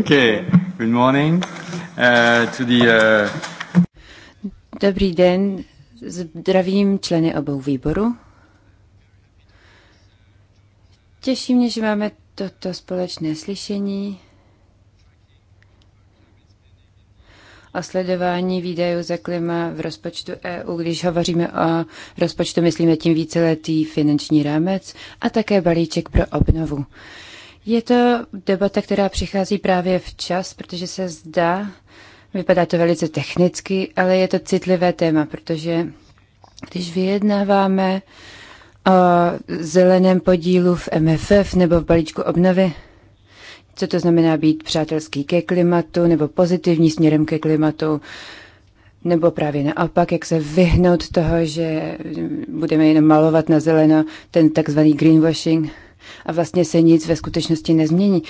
Okay, good morning uh, to the, uh... Dobrý den, zdravím členy obou výboru. Těší mě, že máme toto společné slyšení o sledování výdajů za klima v rozpočtu EU. Když hovoříme o rozpočtu, myslíme tím víceletý finanční rámec a také balíček pro obnovu. Je to debata, která přichází právě včas, protože se zdá, vypadá to velice technicky, ale je to citlivé téma, protože když vyjednáváme o eh, zeleném podílu v MFF nebo v balíčku obnovy, co to znamená být přátelský ke klimatu nebo pozitivní směrem ke klimatu, nebo právě naopak, jak se vyhnout toho, že budeme jenom malovat na zeleno ten takzvaný greenwashing – a vlastně se nic ve skutečnosti nezmění.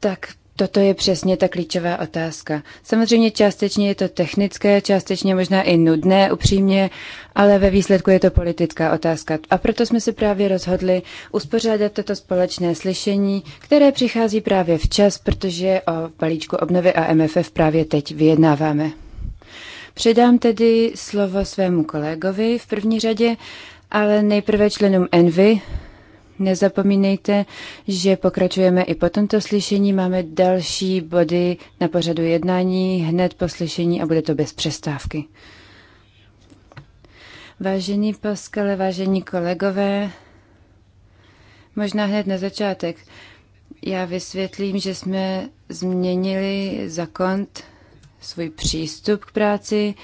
Tak Toto je přesně ta klíčová otázka. Samozřejmě částečně je to technické, částečně možná i nudné, upřímně, ale ve výsledku je to politická otázka. A proto jsme se právě rozhodli uspořádat toto společné slyšení, které přichází právě včas, protože o balíčku obnovy a MFF právě teď vyjednáváme. Předám tedy slovo svému kolegovi v první řadě, ale nejprve členům Envy, Nezapomínejte, že pokračujeme i po tomto slyšení. Máme další body na pořadu jednání hned po slyšení a bude to bez přestávky. Vážení poskale, vážení kolegové, možná hned na začátek. Já vysvětlím, že jsme změnili za svůj přístup k práci.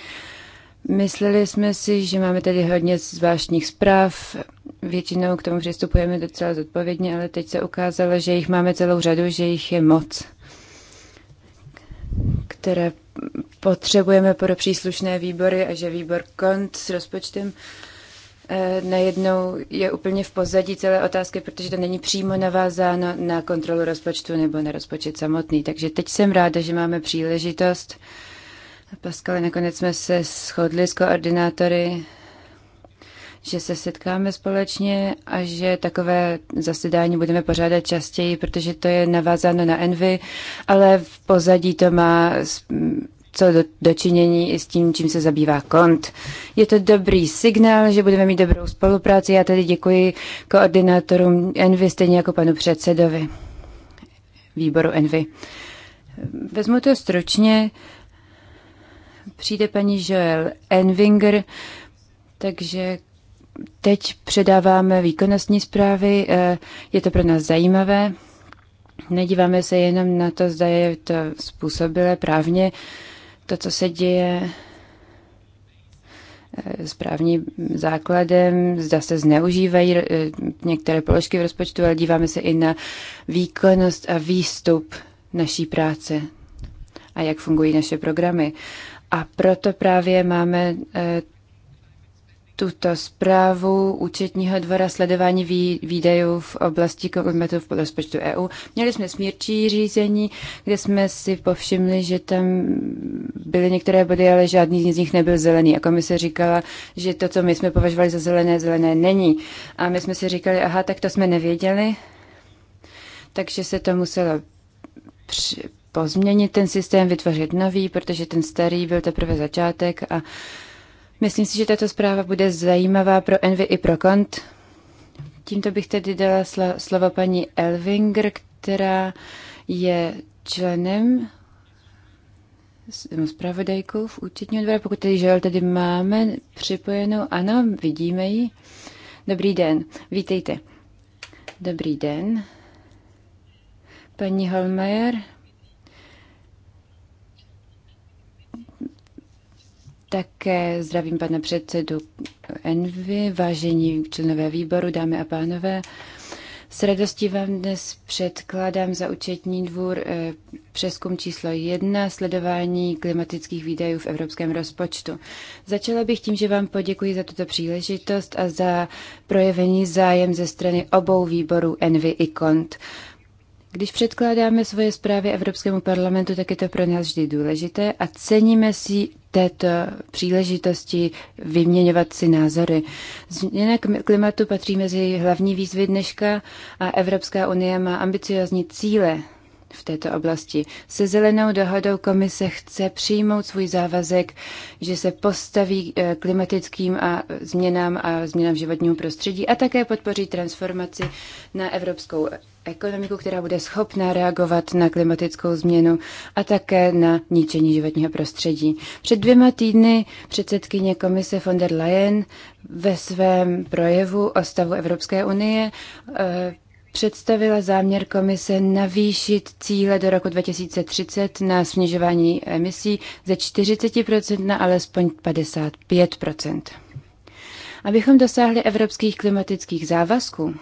Mysleli jsme si, že máme tady hodně zvláštních zpráv, většinou k tomu přistupujeme docela zodpovědně, ale teď se ukázalo, že jich máme celou řadu, že jich je moc, které potřebujeme pro příslušné výbory a že výbor kont s rozpočtem eh, najednou je úplně v pozadí celé otázky, protože to není přímo navázáno na kontrolu rozpočtu nebo na rozpočet samotný. Takže teď jsem ráda, že máme příležitost Paskali, nakonec jsme se shodli s koordinátory, že se setkáme společně a že takové zasedání budeme pořádat častěji, protože to je navázáno na Envy, ale v pozadí to má co do, dočinění i s tím, čím se zabývá kont. Je to dobrý signál, že budeme mít dobrou spolupráci. Já tedy děkuji koordinátorům Envy, stejně jako panu předsedovi výboru Envy. Vezmu to stručně přijde paní Joel Enwinger, takže teď předáváme výkonnostní zprávy. Eh, je to pro nás zajímavé. Nedíváme se jenom na to, zda je to způsobilé právně, to, co se děje eh, s právním základem, zda se zneužívají eh, některé položky v rozpočtu, ale díváme se i na výkonnost a výstup naší práce a jak fungují naše programy. A proto právě máme eh, tuto zprávu účetního dvora sledování výdajů v oblasti klimatu v rozpočtu EU. Měli jsme smírčí řízení, kde jsme si povšimli, že tam byly některé body, ale žádný z nich nebyl zelený. A komise říkala, že to, co my jsme považovali za zelené, zelené není. A my jsme si říkali, aha, tak to jsme nevěděli, takže se to muselo pozměnit ten systém, vytvořit nový, protože ten starý byl teprve začátek a myslím si, že tato zpráva bude zajímavá pro Envy i pro Kont. Tímto bych tedy dala slovo paní Elvinger, která je členem zpravodajkou v účetní dvora. Pokud tedy žel, tedy máme připojenou, ano, vidíme ji. Dobrý den, vítejte. Dobrý den. Paní Holmeier, Také zdravím pana předsedu Envy, vážení členové výboru, dámy a pánové. S radostí vám dnes předkládám za účetní dvůr eh, přeskum číslo jedna sledování klimatických výdajů v evropském rozpočtu. Začala bych tím, že vám poděkuji za tuto příležitost a za projevení zájem ze strany obou výborů Envy i Kont. Když předkládáme svoje zprávy Evropskému parlamentu, tak je to pro nás vždy důležité a ceníme si této příležitosti vyměňovat si názory. Změna klimatu patří mezi hlavní výzvy dneška a Evropská unie má ambiciozní cíle v této oblasti. Se zelenou dohodou komise chce přijmout svůj závazek, že se postaví eh, klimatickým a změnám a změnám životního prostředí a také podpoří transformaci na evropskou ekonomiku, která bude schopná reagovat na klimatickou změnu a také na ničení životního prostředí. Před dvěma týdny předsedkyně komise von der Leyen ve svém projevu o stavu Evropské unie eh, představila záměr komise navýšit cíle do roku 2030 na snižování emisí ze 40% na alespoň 55%. Abychom dosáhli evropských klimatických závazků,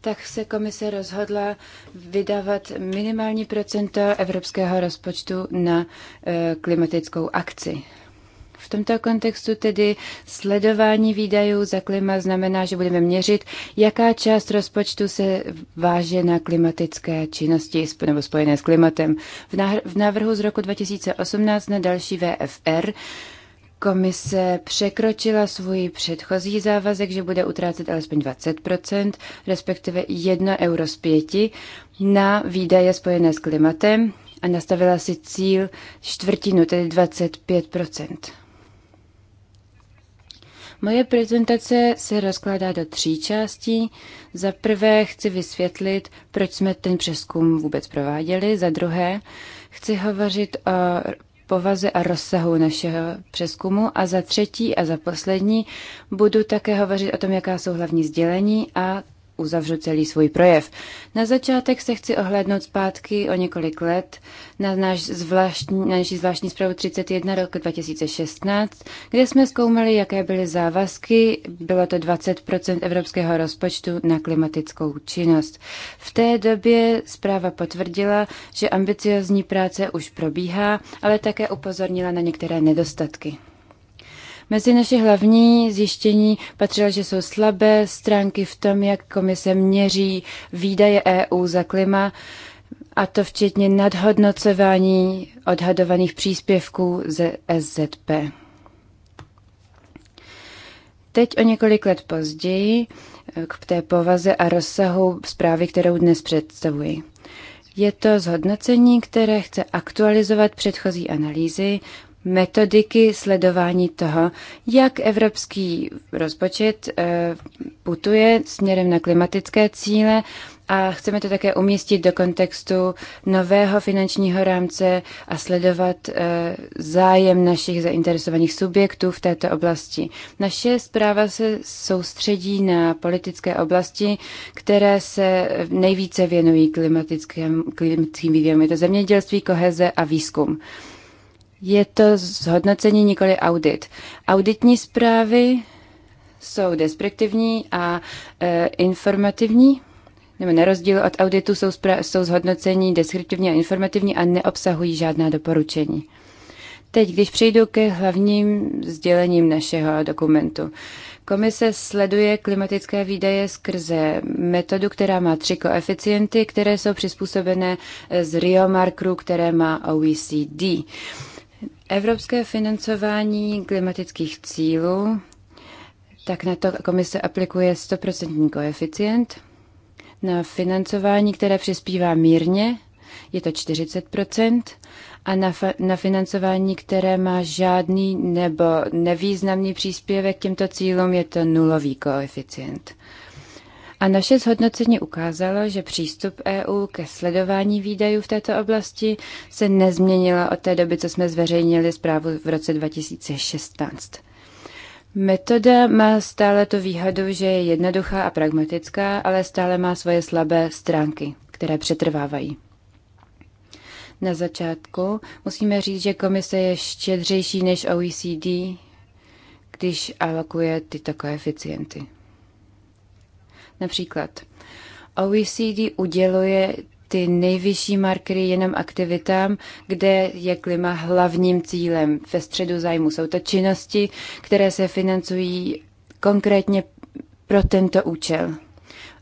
tak se komise rozhodla vydávat minimální procento evropského rozpočtu na eh, klimatickou akci. V tomto kontextu tedy sledování výdajů za klima znamená, že budeme měřit, jaká část rozpočtu se váže na klimatické činnosti nebo spojené s klimatem. V návrhu z roku 2018 na další VFR Komise překročila svůj předchozí závazek, že bude utrácet alespoň 20 respektive 1 euro z 5 na výdaje spojené s klimatem a nastavila si cíl čtvrtinu, tedy 25 Moje prezentace se rozkládá do tří částí. Za prvé chci vysvětlit, proč jsme ten přeskum vůbec prováděli. Za druhé chci hovořit o povaze a rozsahu našeho přeskumu. A za třetí a za poslední budu také hovořit o tom, jaká jsou hlavní sdělení a uzavřu celý svůj projev. Na začátek se chci ohlédnout zpátky o několik let na, náš zvláštní, na naši zvláštní zprávu 31 rok 2016, kde jsme zkoumali, jaké byly závazky. Bylo to 20 evropského rozpočtu na klimatickou činnost. V té době zpráva potvrdila, že ambiciozní práce už probíhá, ale také upozornila na některé nedostatky. Mezi naše hlavní zjištění patřilo, že jsou slabé stránky v tom, jak komise měří výdaje EU za klima, a to včetně nadhodnocování odhadovaných příspěvků ze SZP. Teď o několik let později eh, k té povaze a rozsahu zprávy, kterou dnes představuji. Je to zhodnocení, které chce aktualizovat předchozí analýzy, metodiky sledování toho, jak evropský rozpočet eh, putuje směrem na klimatické cíle a chceme to také umístit do kontextu nového finančního rámce a sledovat eh, zájem našich zainteresovaných subjektů v této oblasti. Naše zpráva se soustředí na politické oblasti, které se nejvíce věnují klimatickým, klimatickým vývojům. Je to zemědělství, koheze a výzkum je to zhodnocení, nikoli audit. Auditní zprávy jsou deskriptivní a e, informativní, nebo na rozdíl od auditu jsou, jsou zhodnocení deskriptivní a informativní a neobsahují žádná doporučení. Teď, když přejdu ke hlavním sdělením našeho dokumentu. Komise sleduje klimatické výdaje skrze metodu, která má tři koeficienty, které jsou přizpůsobené e, z Rio Markru, které má OECD. Evropské financování klimatických cílů, tak na to komise aplikuje 100% koeficient. Na financování, které přispívá mírně, je to 40%. A na, na financování, které má žádný nebo nevýznamný příspěvek k těmto cílům, je to nulový koeficient. A naše zhodnocení ukázalo, že přístup EU ke sledování výdajů v této oblasti se nezměnila od té doby, co jsme zveřejnili zprávu v roce 2016. Metoda má stále tu výhodu, že je jednoduchá a pragmatická, ale stále má svoje slabé stránky, které přetrvávají. Na začátku musíme říct, že komise je štědřejší než OECD, když alokuje tyto koeficienty. Například OECD uděluje ty nejvyšší markery jenom aktivitám, kde je klima hlavním cílem. Ve středu zájmu jsou to činnosti, které se financují konkrétně pro tento účel.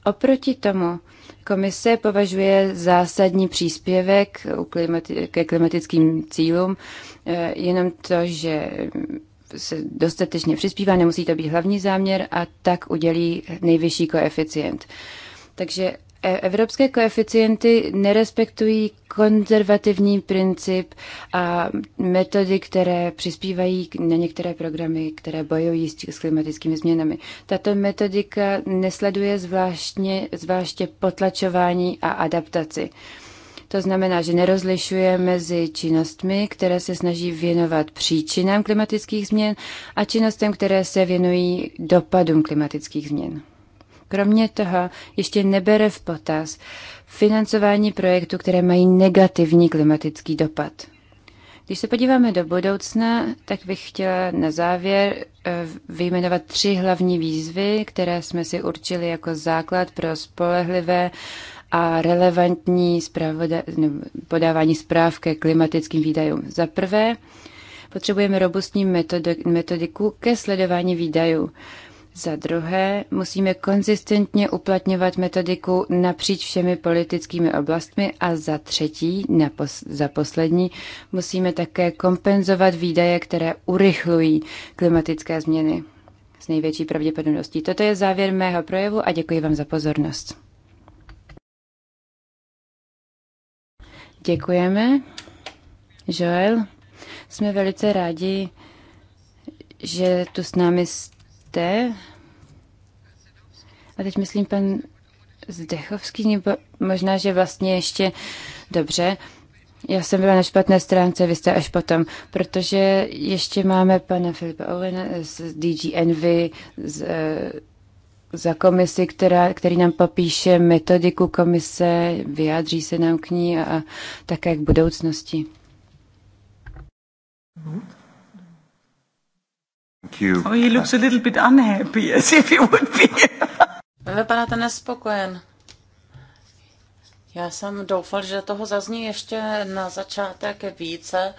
Oproti tomu komise považuje zásadní příspěvek ke klimatickým cílům eh, jenom to, že se dostatečně přispívá, nemusí to být hlavní záměr a tak udělí nejvyšší koeficient. Takže e, evropské koeficienty nerespektují konzervativní princip a metody, které přispívají na některé programy, které bojují s klimatickými změnami. Tato metodika nesleduje zvláštně, zvláště potlačování a adaptaci. Uh, to znamená, že nerozlišuje mezi činnostmi, které se snaží věnovat příčinám klimatických změn a činnostem, které se věnují dopadům klimatických změn. Kromě toho ještě nebere v potaz financování projektů, které mají negativní klimatický dopad. Když se podíváme do budoucna, tak bych chtěla na závěr eh, vyjmenovat tři hlavní výzvy, které jsme si určili jako základ pro spolehlivé a relevantní no, podávání zpráv ke klimatickým výdajům. Za prvé, potřebujeme robustní metodiku ke sledování výdajů. Za druhé, musíme konzistentně uplatňovat metodiku napříč všemi politickými oblastmi a za třetí, napos- za poslední, musíme také kompenzovat výdaje, které urychlují klimatické změny s největší pravděpodobností. Toto je závěr mého projevu a děkuji vám za pozornost. Děkujeme. Joel, jsme velice rádi, že tu s námi jste. A teď myslím pan Zdechovský, nebo možná, že vlastně ještě dobře. Já jsem byla na špatné stránce, vy jste až potom, protože ještě máme pana Filipa Owena z DG Envy z, eh, za komisi, která, který nám popíše metodiku komise, vyjádří se nám k ní a, a také k budoucnosti. Oh, he looks a little bit unhappy, as if he would be. Vypadáte nespokojen. Já jsem doufal, že toho zazní ještě na začátek více.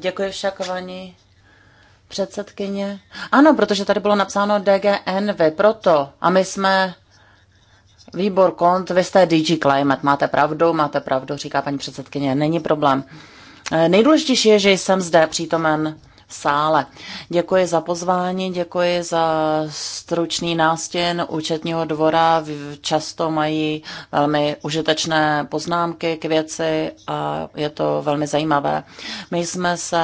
děkuji však, Vani, Předsedkyně. Ano, protože tady bylo napsáno DGNV, proto. A my jsme výbor kont, vy jste DG Climate, máte pravdu, máte pravdu, říká paní předsedkyně, není problém. E, nejdůležitější je, že jsem zde přítomen sále. Děkuji za pozvání, děkuji za stručný nástěn účetního dvora. Často mají velmi užitečné poznámky k věci a je to velmi zajímavé. My jsme se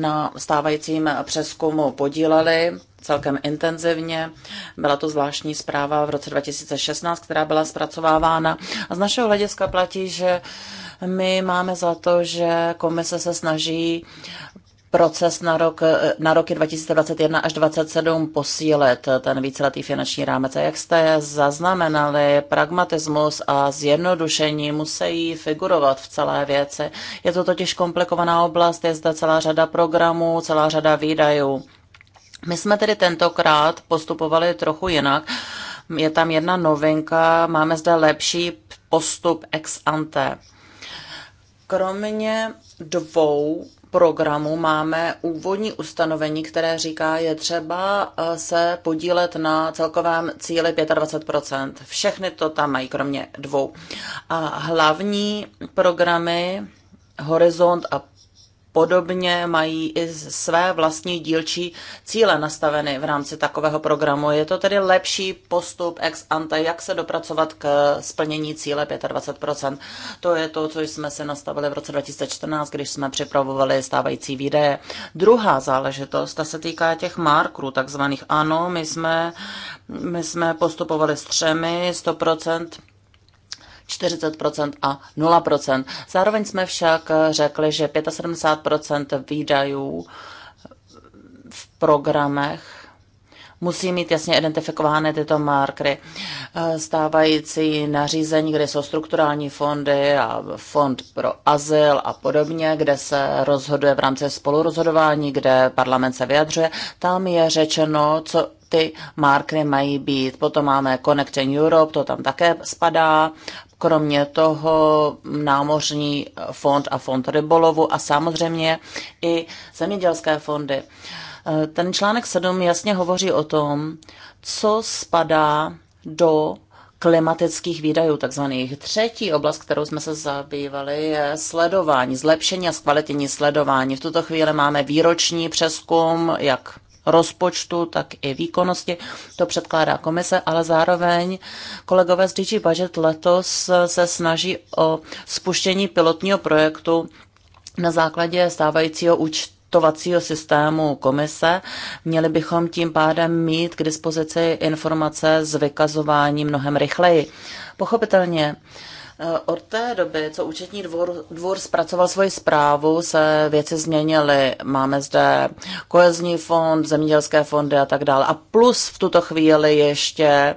na stávajícím přeskumu podíleli celkem intenzivně. Byla to zvláštní zpráva v roce 2016, která byla zpracovávána. A z našeho hlediska platí, že my máme za to, že komise se snaží proces na, rok, eh, na roky 2021 až 2027 posílit eh, ten víceletý finanční rámec. A jak jste zaznamenali, pragmatismus a zjednodušení musí figurovat v celé věci. Je to totiž komplikovaná oblast, je zde celá řada programů, celá řada výdajů. My jsme tedy tentokrát postupovali trochu jinak. Je tam jedna novinka, máme zde lepší postup ex ante. Kromě dvou programu máme úvodní ustanovení, které říká, je třeba eh, se podílet na celkovém cíli 25%. Všechny to tam mají, kromě dvou. A hlavní programy Horizont a podobně mají i své vlastní dílčí cíle nastaveny v rámci takového programu. Je to tedy lepší postup ex ante, jak se dopracovat k splnění cíle 25%. To je to, co jsme se nastavili v roce 2014, když jsme připravovali stávající výdaje. Druhá záležitost, ta se týká těch markerů takzvaných. Ano, my jsme, my jsme postupovali s třemi 100% 40% a 0%. Zároveň jsme však řekli, že 75% výdajů v programech musí mít jasně identifikovány tyto markry. Stávající nařízení, kde jsou strukturální fondy a fond pro azyl a podobně, kde se rozhoduje v rámci spolurozhodování, kde parlament se vyjadřuje, tam je řečeno, co ty markry mají být. Potom máme Connecting Europe, to tam také spadá kromě toho námořní fond a fond rybolovu a samozřejmě i zemědělské fondy. Eh, ten článek 7 jasně hovoří o tom, co spadá do klimatických výdajů, takzvaných. Třetí oblast, kterou jsme se zabývali, je sledování, zlepšení a zkvalitění sledování. V tuto chvíli máme výroční přeskum, jak rozpočtu, tak i výkonnosti. To předkládá komise, ale zároveň kolegové z DG Budget letos se snaží o spuštění pilotního projektu na základě stávajícího účtu systému komise. Měli bychom tím pádem mít k dispozici informace z vykazování mnohem rychleji. Pochopitelně, uh, Eh, od té doby, co účetní dvor dvůr zpracoval svoji zprávu, se věci změnily. Máme zde kohezní fond, zemědělské fondy a tak dále. A plus v tuto chvíli ještě eh,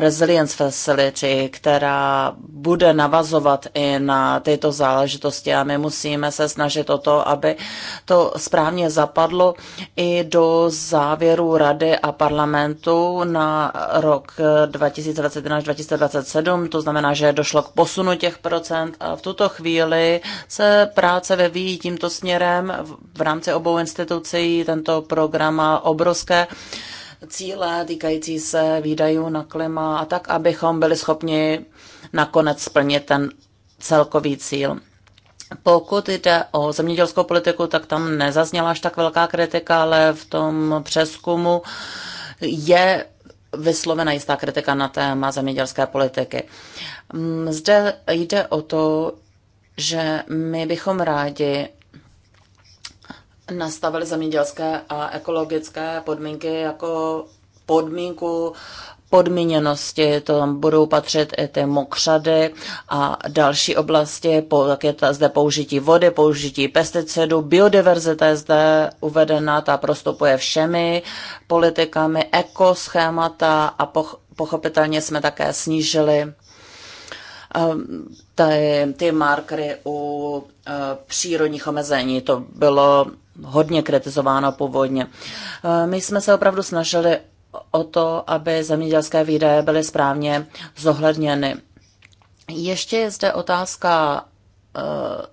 Resilience Facility, která bude navazovat i na tyto záležitosti a my musíme se snažit o to, aby to správně zapadlo i do závěru Rady a parlamentu na rok eh, 2021 až 2027. To znamená, že došlo došlo k posunu těch procent a v tuto chvíli se práce vyvíjí tímto směrem v rámci obou institucí. Tento program má obrovské cíle týkající se výdajů na klima a tak, abychom byli schopni nakonec splnit ten celkový cíl. Pokud jde o zemědělskou politiku, tak tam nezazněla až tak velká kritika, ale v tom přeskumu je vyslovena jistá kritika na téma zemědělské politiky. Mm, zde jde o to, že my bychom rádi nastavili zemědělské a ekologické podmínky jako podmínku podmíněnosti, to tam budou patřit i ty mokřady a další oblasti, po, tak je zde použití vody, použití pesticidů, biodiverzita je zde uvedená, ta prostupuje všemi politikami, ekoschémata a poch, pochopitelně jsme také snížili ehm, ty, ty markery u e, přírodních omezení. To bylo hodně kritizováno původně. E, my jsme se opravdu snažili o to, aby zemědělské výdaje byly správně zohledněny. Ještě je zde otázka eh,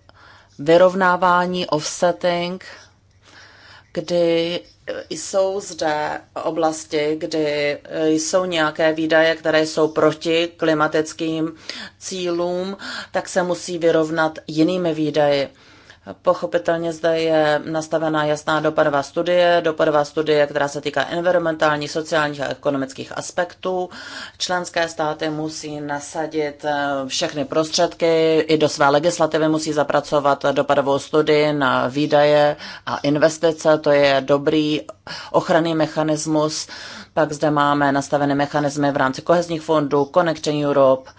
vyrovnávání, offsetting, kdy jsou zde oblasti, kdy eh, jsou nějaké výdaje, které jsou proti klimatickým cílům, tak se musí vyrovnat jinými výdaji. Pochopitelně zde je nastavená jasná dopadová studie, dopadová studie, která se týká environmentálních, sociálních a ekonomických aspektů. Členské státy musí nasadit eh, všechny prostředky, i do své legislativy musí zapracovat dopadovou studii na výdaje a investice. To je dobrý ochranný mechanismus. Pak zde máme nastavené mechanismy v rámci kohezních fondů, Connection Europe,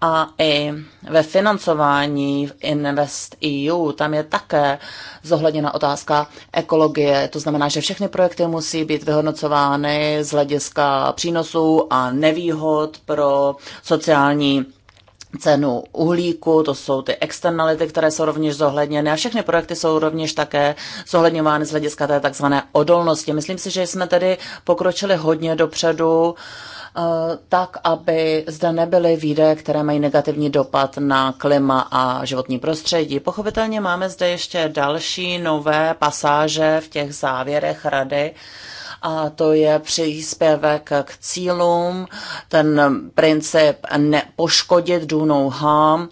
a i ve financování v Invest EU, tam je také zohledněna otázka ekologie. To znamená, že všechny projekty musí být vyhodnocovány z hlediska přínosů a nevýhod pro sociální cenu uhlíku, to jsou ty externality, které jsou rovněž zohledněny a všechny projekty jsou rovněž také zohledňovány z hlediska té takzvané odolnosti. Myslím si, že jsme tedy pokročili hodně dopředu Eh, tak, aby zde nebyly výdaje, které mají negativní dopad na klima a životní prostředí. Pochopitelně máme zde ještě další nové pasáže v těch závěrech rady, a to je příspěvek k cílům, ten princip nepoškodit, do no harm.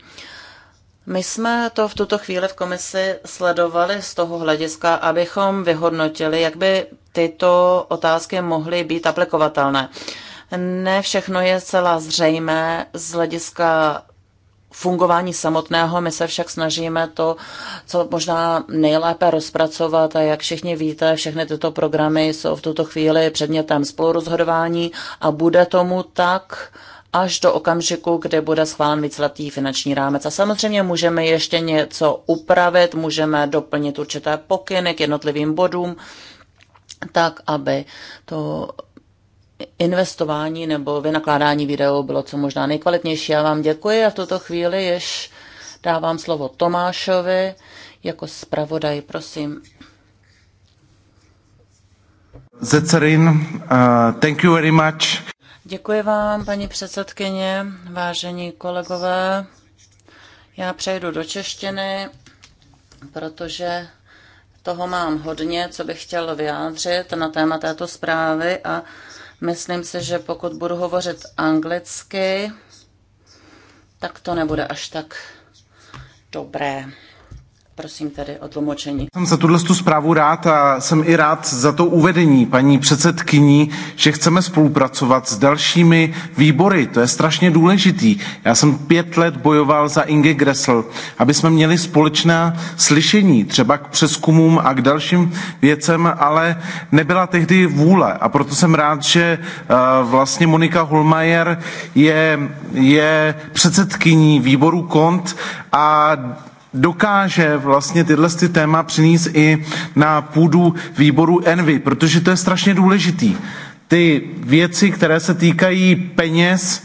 My jsme to v tuto chvíli v komisi sledovali z toho hlediska, abychom vyhodnotili, jak by tyto otázky mohly být aplikovatelné. Ne všechno je celá zřejmé z hlediska fungování samotného. My se však snažíme to, co možná nejlépe rozpracovat a jak všichni víte, všechny tyto programy jsou v tuto chvíli předmětem spolurozhodování a bude tomu tak až do okamžiku, kdy bude schválen víceletý finanční rámec. A samozřejmě můžeme ještě něco upravit, můžeme doplnit určité pokyny k jednotlivým bodům, tak, aby to investování nebo vynakládání videu bylo co možná nejkvalitnější. Já vám děkuji a v tuto chvíli již dávám slovo Tomášovi jako zpravodaj, prosím. Zecerin, uh, thank you very much. Děkuji vám, paní předsedkyně, vážení kolegové. Já přejdu do češtiny, protože toho mám hodně, co bych chtěl vyjádřit na téma této zprávy a uh, Myslím si, že pokud budu hovořit anglicky, tak to nebude až tak dobré. Prosím tedy o tlumočení. Jsem za tuhle zprávu rád a jsem i rád za to uvedení paní předsedkyní, že chceme spolupracovat s dalšími výbory. To je strašně důležitý. Já jsem pět let bojoval za Inge Gressel, aby jsme měli společná slyšení, třeba k přeskumům a k dalším věcem, ale nebyla tehdy vůle. A proto jsem rád, že eh, vlastně Monika Holmajer je, je předsedkyní výboru KONT a dokáže vlastně tyhle ty téma přinést i na půdu výboru Envy, protože to je strašně důležitý. Ty věci, které se týkají peněz,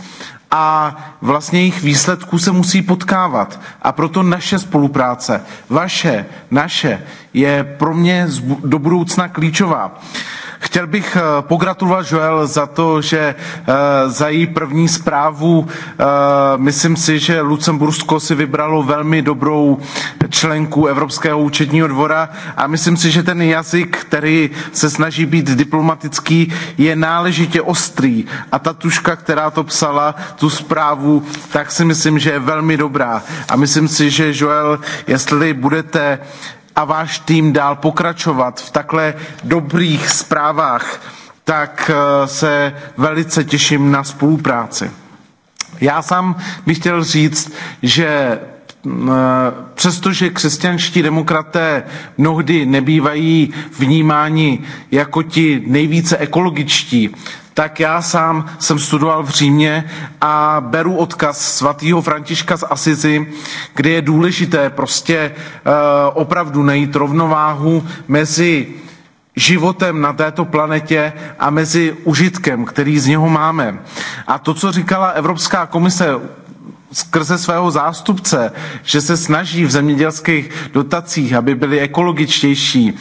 a vlastně jejich výsledků se musí potkávat. A proto naše spolupráce, vaše, naše, je pro mě do budoucna klíčová. Chtěl bych eh, pogratulovat Joel za to, že eh, za její první zprávu eh, myslím si, že Lucembursko si vybralo velmi dobrou členku Evropského účetního dvora a myslím si, že ten jazyk, který se snaží být diplomatický, je náležitě ostrý. A ta tuška, která to psala, tu zprávu, tak si myslím, že je velmi dobrá. A myslím si, že Joel, jestli budete a váš tým dál pokračovat v takhle dobrých zprávách, tak eh, se velice těším na spolupráci. Já sám bych chtěl říct, že mm, eh, přestože křesťanští demokraté mnohdy nebývají vnímáni jako ti nejvíce ekologičtí, tak já sám jsem studoval v Římě a beru odkaz svatého Františka z Asizi, kde je důležité prostě eh, opravdu najít rovnováhu mezi životem na této planetě a mezi užitkem, který z něho máme. A to, co říkala Evropská komise skrze svého zástupce, že se snaží v zemědělských dotacích, aby byly ekologičtější.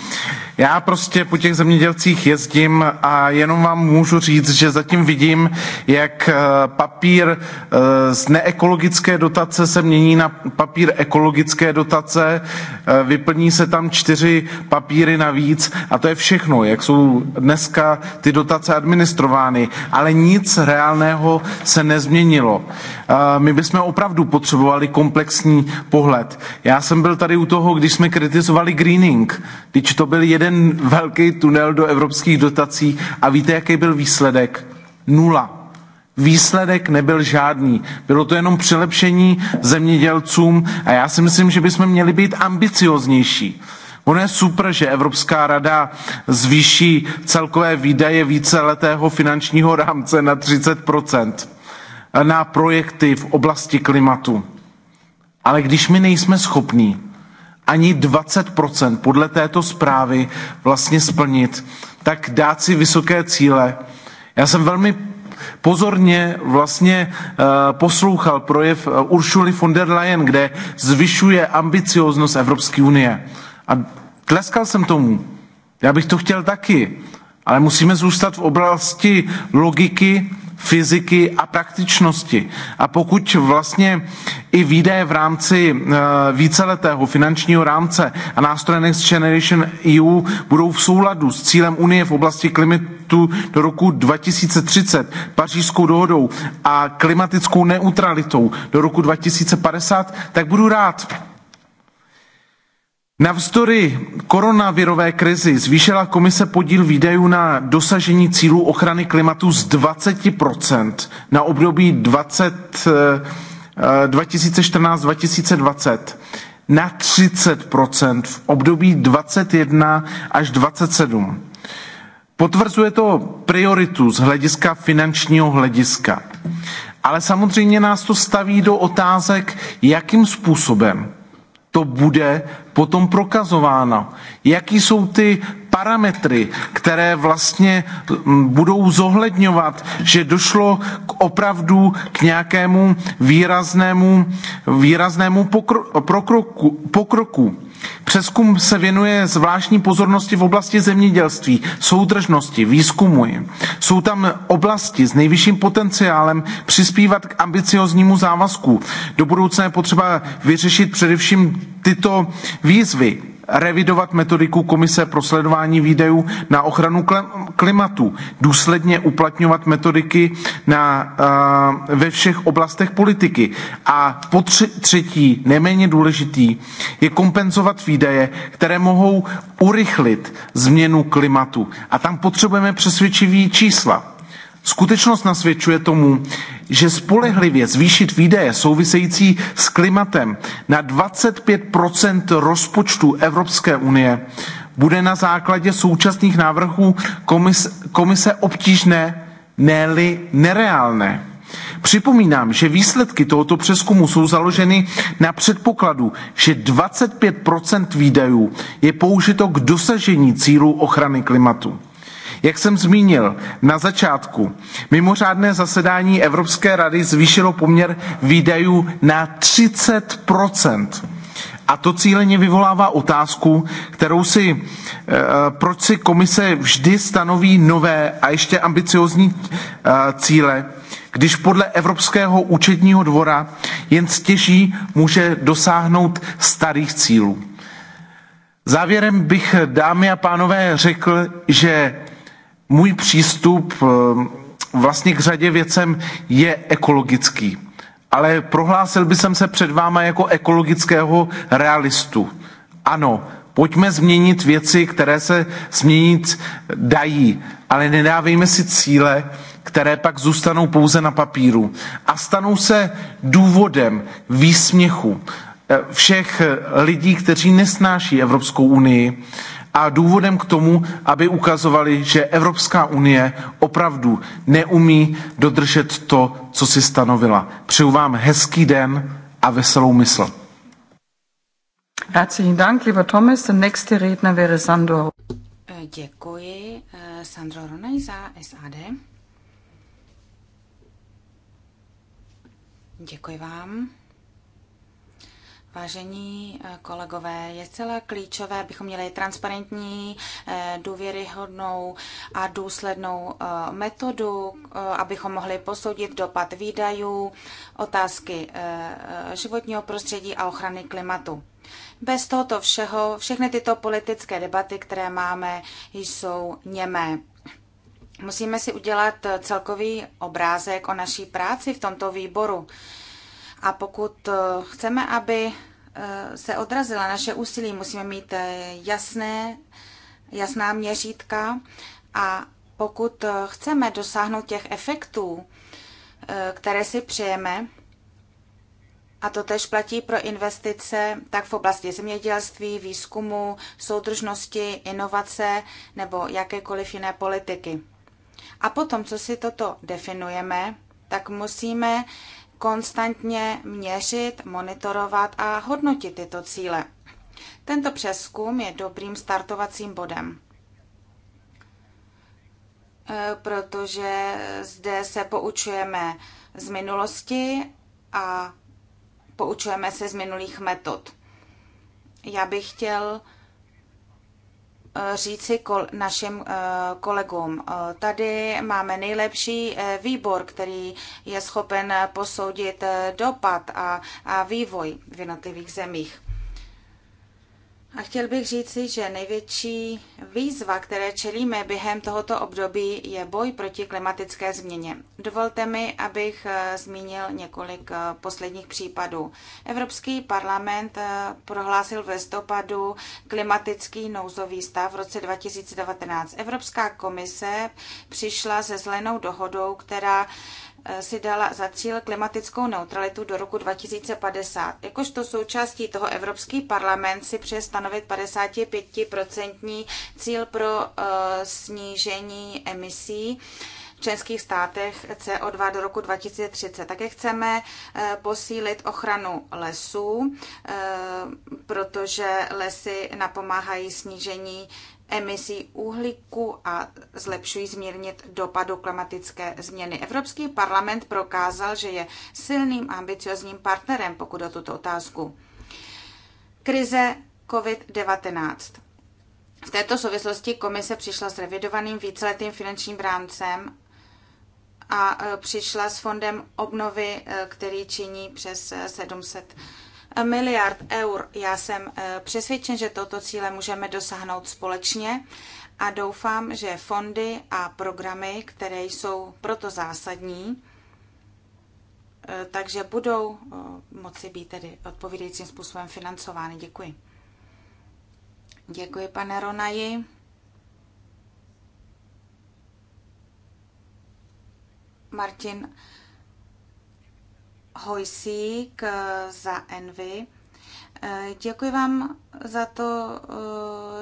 Já prostě po těch zemědělcích jezdím a jenom vám můžu říct, že zatím vidím, jak eh, papír eh, z neekologické dotace se mění na papír ekologické dotace, eh, vyplní se tam čtyři papíry navíc a to je všechno, jak jsou dneska ty dotace administrovány, ale nic reálného se nezměnilo. My bychom jsme opravdu potřebovali komplexní pohled. Já jsem byl tady u toho, když jsme kritizovali greening, když to byl jeden velký tunel do evropských dotací a víte, jaký byl výsledek? Nula. Výsledek nebyl žádný. Bylo to jenom přilepšení zemědělcům a já si myslím, že bychom měli být ambicioznější. Ono je super, že Evropská rada zvýší celkové výdaje víceletého finančního rámce na 30 na projekty v oblasti klimatu. Ale když my nejsme schopní ani 20% podle této zprávy vlastně splnit, tak dát si vysoké cíle. Já jsem velmi pozorně vlastně eh, poslouchal projev eh, Uršuly von der Leyen, kde zvyšuje ambicioznost Evropské unie. A tleskal jsem tomu. Já bych to chtěl taky. Ale musíme zůstat v oblasti logiky fyziky a praktičnosti. A pokud vlastně i výdaje v rámci eh, víceletého finančního rámce a nástroje Next Generation EU budou v souladu s cílem Unie v oblasti klimatu do roku 2030, pařížskou dohodou a klimatickou neutralitou do roku 2050, tak budu rád Navzdory koronavirové krizi zvýšila komise podíl výdajů na dosažení cílů ochrany klimatu z 20% na období 20, 2014-2020 eh, eh, na 30% v období 21 až 27. Potvrzuje to prioritu z hlediska finančního hlediska. Ale samozřejmě nás to staví do otázek, jakým způsobem to bude potom prokazováno. Jaký jsou ty parametry, které vlastně mm, budou zohledňovat, že došlo k opravdu k nějakému výraznému, výraznému pokro, pokroku, pokroku. Přeskum se věnuje zvláštní pozornosti v oblasti zemědělství, soudržnosti, výzkumu. Jsou tam oblasti s nejvyšším potenciálem přispívat k ambicioznímu závazku. Do budoucna je potřeba vyřešit především tyto výzvy revidovat metodiku Komise pro sledování výdejů na ochranu klimatu, důsledně uplatňovat metodiky na, eh, ve všech oblastech politiky. A po třetí, neméně důležitý, je kompenzovat výdaje, které mohou urychlit změnu klimatu. A tam potřebujeme přesvědčivý čísla. Skutečnost nasvědčuje tomu, že spolehlivě zvýšit výdaje související s klimatem na 25 rozpočtu Evropské unie bude na základě současných návrhů komise, komise obtížné, ne-li nereálné. Připomínám, že výsledky tohoto přeskumu jsou založeny na předpokladu, že 25 výdajů je použito k dosažení cílů ochrany klimatu. Jak jsem zmínil na začátku, mimořádné zasedání Evropské rady zvýšilo poměr výdajů na 30 a to cíleně vyvolává otázku, kterou si, eh, proč si komise vždy stanoví nové a ještě ambiciozní eh, cíle, když podle Evropského účetního dvora jen stěží může dosáhnout starých cílů. Závěrem bych, dámy a pánové, řekl, že můj přístup eh, vlastně k řadě věcem je ekologický. Ale prohlásil by jsem se před váma jako ekologického realistu. Ano, pojďme změnit věci, které se změnit dají, ale nedávejme si cíle, které pak zůstanou pouze na papíru a stanou se důvodem výsměchu eh, všech eh, lidí, kteří nesnáší Evropskou unii, a důvodem k tomu, aby ukazovali, že Evropská unie opravdu neumí dodržet to, co si stanovila. Přeju vám hezký den a veselou mysl. Herzlichen Dank, lieber Thomas. Der nächste Redner wäre Sandro. Eh, děkuji eh, Sandro Ronej za SAD. Děkuji vám. Vážení eh, kolegové, je celé klíčové, abychom měli transparentní, eh, důvěryhodnou a důslednou eh, metodu, abychom mohli posoudit dopad výdajů, otázky životního prostředí a ochrany klimatu. Bez tohoto všeho všechny tyto politické debaty, které máme, jsou němé. Musíme si udělat celkový obrázek o naší práci v tomto výboru. A pokud eh, chceme, aby eh, se odrazila naše úsilí, musíme mít eh, jasné, jasná měřítka a pokud chceme dosáhnout těch efektů, které si přejeme, a to tež platí pro investice, tak v oblasti zemědělství, výzkumu, soudržnosti, inovace nebo jakékoliv jiné politiky. A potom, co si toto definujeme, tak musíme konstantně měřit, monitorovat a hodnotit tyto cíle. Tento přeskum je dobrým startovacím bodem, e, protože zde se poučujeme z minulosti a poučujeme se z minulých metod. Já bych chtěl Eh, říci našim eh, kolegům. Eh, tady máme nejlepší výbor, který je schopen posoudit dopad a vývoj v jednotlivých zemích. A chtěl bych říci, že největší výzva, které čelíme během tohoto období, je boj proti klimatické změně. Dovolte mi, abych eh, zmínil několik eh, posledních případů. Evropský parlament eh, prohlásil v listopadu klimatický nouzový stav v roce 2019. Evropská komise přišla se zelenou dohodou, která si dala za cíl klimatickou neutralitu do roku 2050. Jakožto součástí toho Evropský parlament si přeje stanovit 55% cíl pro eh, snížení emisí v členských státech CO2 do roku 2030. Také chceme eh, posílit ochranu lesů, eh, protože lesy napomáhají snížení emisí uhlíku a zlepšují zmírnit dopadu klimatické změny. Evropský parlament prokázal, že je silným a ambiciozním partnerem, pokud o tuto otázku. Krize COVID-19. V této souvislosti komise přišla s revidovaným víceletým finančním rámcem a e, přišla s fondem obnovy, e, který činí přes 700 e, miliard eur. Já jsem eh, přesvědčen, že toto cíle můžeme dosáhnout společně a doufám, že fondy a programy, které jsou proto zásadní, eh, takže budou eh, moci být tedy odpovídajícím způsobem financovány. Děkuji. Děkuji, pane Ronaji. Martin Hojsík eh, za Envy. Eh, děkuji vám za to,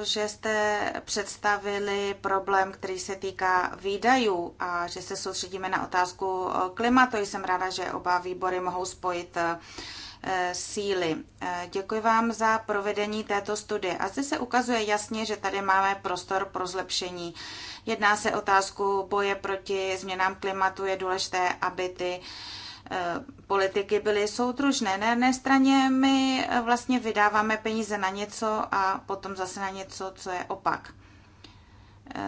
eh, že jste představili problém, který se týká výdajů a že se soustředíme na otázku klimatu. Jsem ráda, že oba výbory mohou spojit síly. Děkuji vám za provedení této studie. A zde se ukazuje jasně, že tady máme prostor pro zlepšení. Jedná se otázku boje proti změnám klimatu. Je důležité, aby ty uh, politiky byly soudružné. Na jedné straně my vlastně vydáváme peníze na něco a potom zase na něco, co je opak.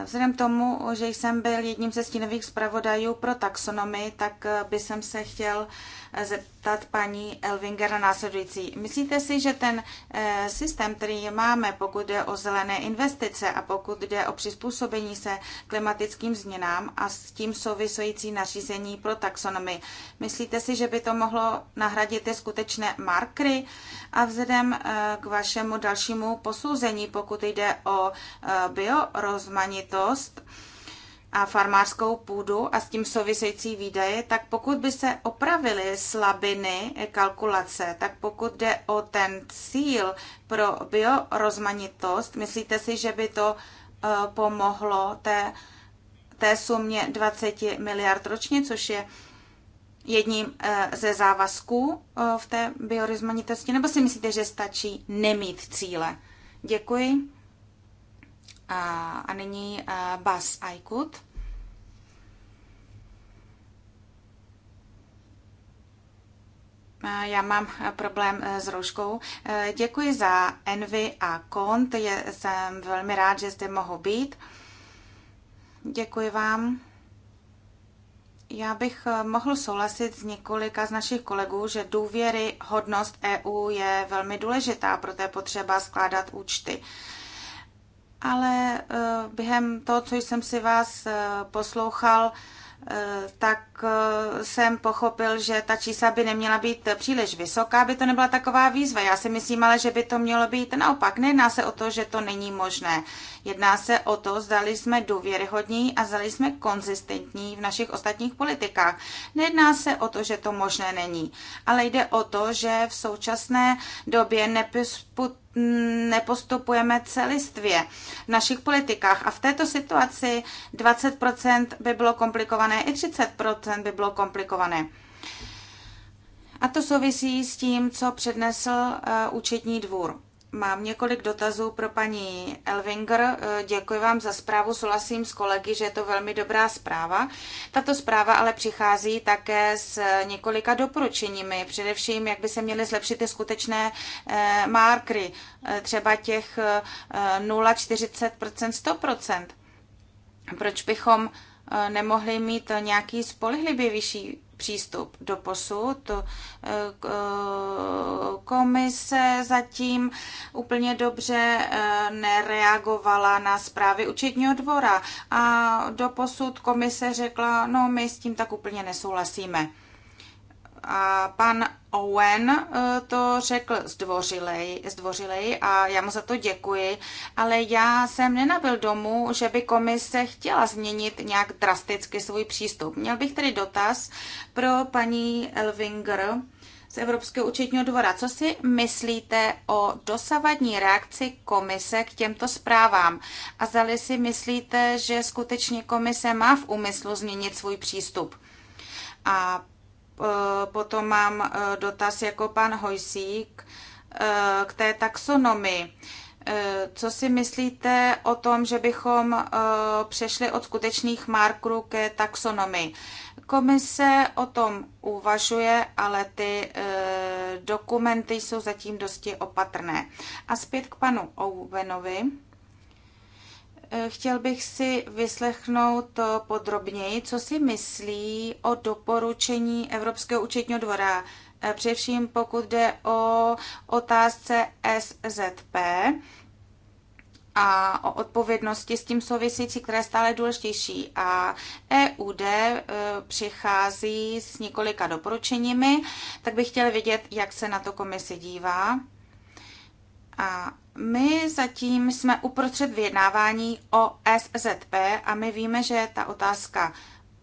Vzhledem tomu, že jsem byl jedním ze stínových zpravodajů pro taxonomy, tak by jsem se chtěl uh, zeptat paní Elvinger na následující. Myslíte si, že ten eh, systém, který máme, pokud jde o zelené investice a pokud jde o přizpůsobení se klimatickým změnám a s tím související nařízení pro taxonomy, myslíte si, že by to mohlo nahradit ty skutečné markry? A vzhledem eh, k vašemu dalšímu posouzení, pokud jde o eh, biorozmanitost, a farmářskou půdu a s tím související výdaje, tak pokud by se opravily slabiny kalkulace, tak pokud jde o ten cíl pro biorozmanitost, myslíte si, že by to eh, pomohlo té, té sumě 20 miliard ročně, což je jedním eh, ze závazků eh, v té biorozmanitosti, nebo si myslíte, že stačí nemít cíle? Děkuji a nyní Bas Aikut. Já mám problém e, s rouškou. E, děkuji za Envy a Kont. Jsem velmi rád, že zde mohu být. Děkuji vám. Já bych e, mohl souhlasit s několika z našich kolegů, že důvěry hodnost EU je velmi důležitá, proto je potřeba skládat účty ale eh, během toho, co jsem si vás eh, poslouchal, eh, tak jsem pochopil, že ta čísla by neměla být příliš vysoká, aby to nebyla taková výzva. Já si myslím ale, že by to mělo být naopak. Nejedná se o to, že to není možné. Jedná se o to, zdali jsme důvěryhodní a zdali jsme konzistentní v našich ostatních politikách. Nejedná se o to, že to možné není, ale jde o to, že v současné době nepyspu, nepostupujeme celistvě v našich politikách. A v této situaci 20% by bylo komplikované, i 30% by bylo komplikované. A to souvisí s tím, co přednesl uh, účetní dvůr. Mám několik dotazů pro paní Elvinger. Eh, děkuji vám za zprávu, souhlasím s kolegy, že je to velmi dobrá zpráva. Tato zpráva ale přichází také s několika doporučeními, především jak by se měly zlepšit ty skutečné eh, markry, eh, třeba těch 0,40%, 100%. Proč bychom nemohli mít nějaký spolehlivější přístup. Do posud eh, eh, komise zatím úplně dobře eh, nereagovala na zprávy účetního dvora a do posud komise řekla, no my s tím tak úplně nesouhlasíme. A pan Owen eh, to řekl zdvořilej, zdvořilej a já mu za to děkuji, ale já jsem nenabil domů, že by komise chtěla změnit nějak drasticky svůj přístup. Měl bych tedy dotaz pro paní Elvinger z Evropského účetního dvora. Co si myslíte o dosavadní reakci komise k těmto zprávám? A zali si myslíte, že skutečně komise má v úmyslu změnit svůj přístup? A Eh, potom mám eh, dotaz jako pan Hojsík eh, k té taxonomii. Co si myslíte o tom, že bychom přešli od skutečných markerů ke taxonomii? Komise o tom uvažuje, ale ty dokumenty jsou zatím dosti opatrné. A zpět k panu Owenovi. Eh, chtěl bych si vyslechnout podrobněji, co si myslí o doporučení Evropského účetního dvora, eh, především pokud jde o otázce SZP a o odpovědnosti s tím související, které je stále důležitější. A EUD eh, přichází s několika doporučeními, tak bych chtěl vědět, jak se na to komisi dívá. A my zatím jsme uprostřed vyjednávání o SZP a my víme, že ta otázka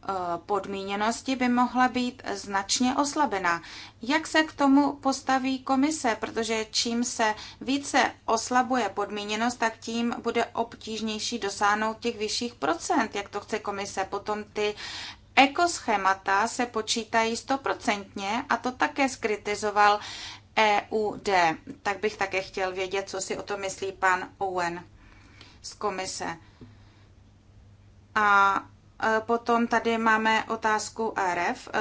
eh, podmíněnosti by mohla být značně oslabená. Jak se k tomu postaví komise? Protože čím se více oslabuje podmíněnost, tak tím bude obtížnější dosáhnout těch vyšších procent, jak to chce komise. Potom ty ekoschémata se počítají stoprocentně a to také skritizoval EUD. Tak bych také chtěl vědět, co si o tom myslí pan Owen z komise. A e, potom tady máme otázku RF. E,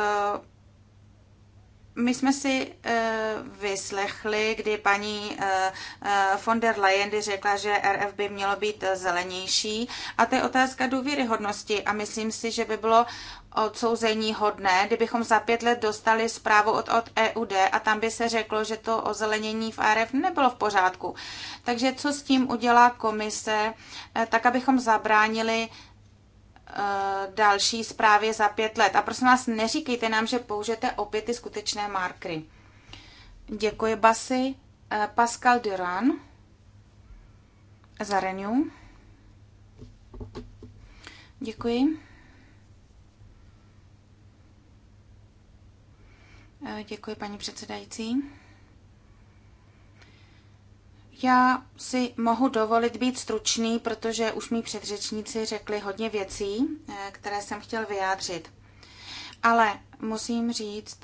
my jsme si e, vyslechli, kdy paní von der Leyen řekla, že RF by mělo být zelenější a to je otázka důvěryhodnosti a myslím si, že by bylo odsouzení hodné, kdybychom za pět let dostali zprávu od, od EUD a tam by se řeklo, že to ozelenění v ARF nebylo v pořádku. Takže co s tím udělá komise, eh, tak abychom zabránili eh, další zprávě za pět let. A prosím vás, neříkejte nám, že použijete opět ty skutečné markry. Děkuji, Basy. Eh, Pascal Duran za Renew. Děkuji. Eh, děkuji, paní předsedající. Já si mohu dovolit být stručný, protože už mi předřečníci řekli hodně věcí, eh, které jsem chtěl vyjádřit. Ale musím říct,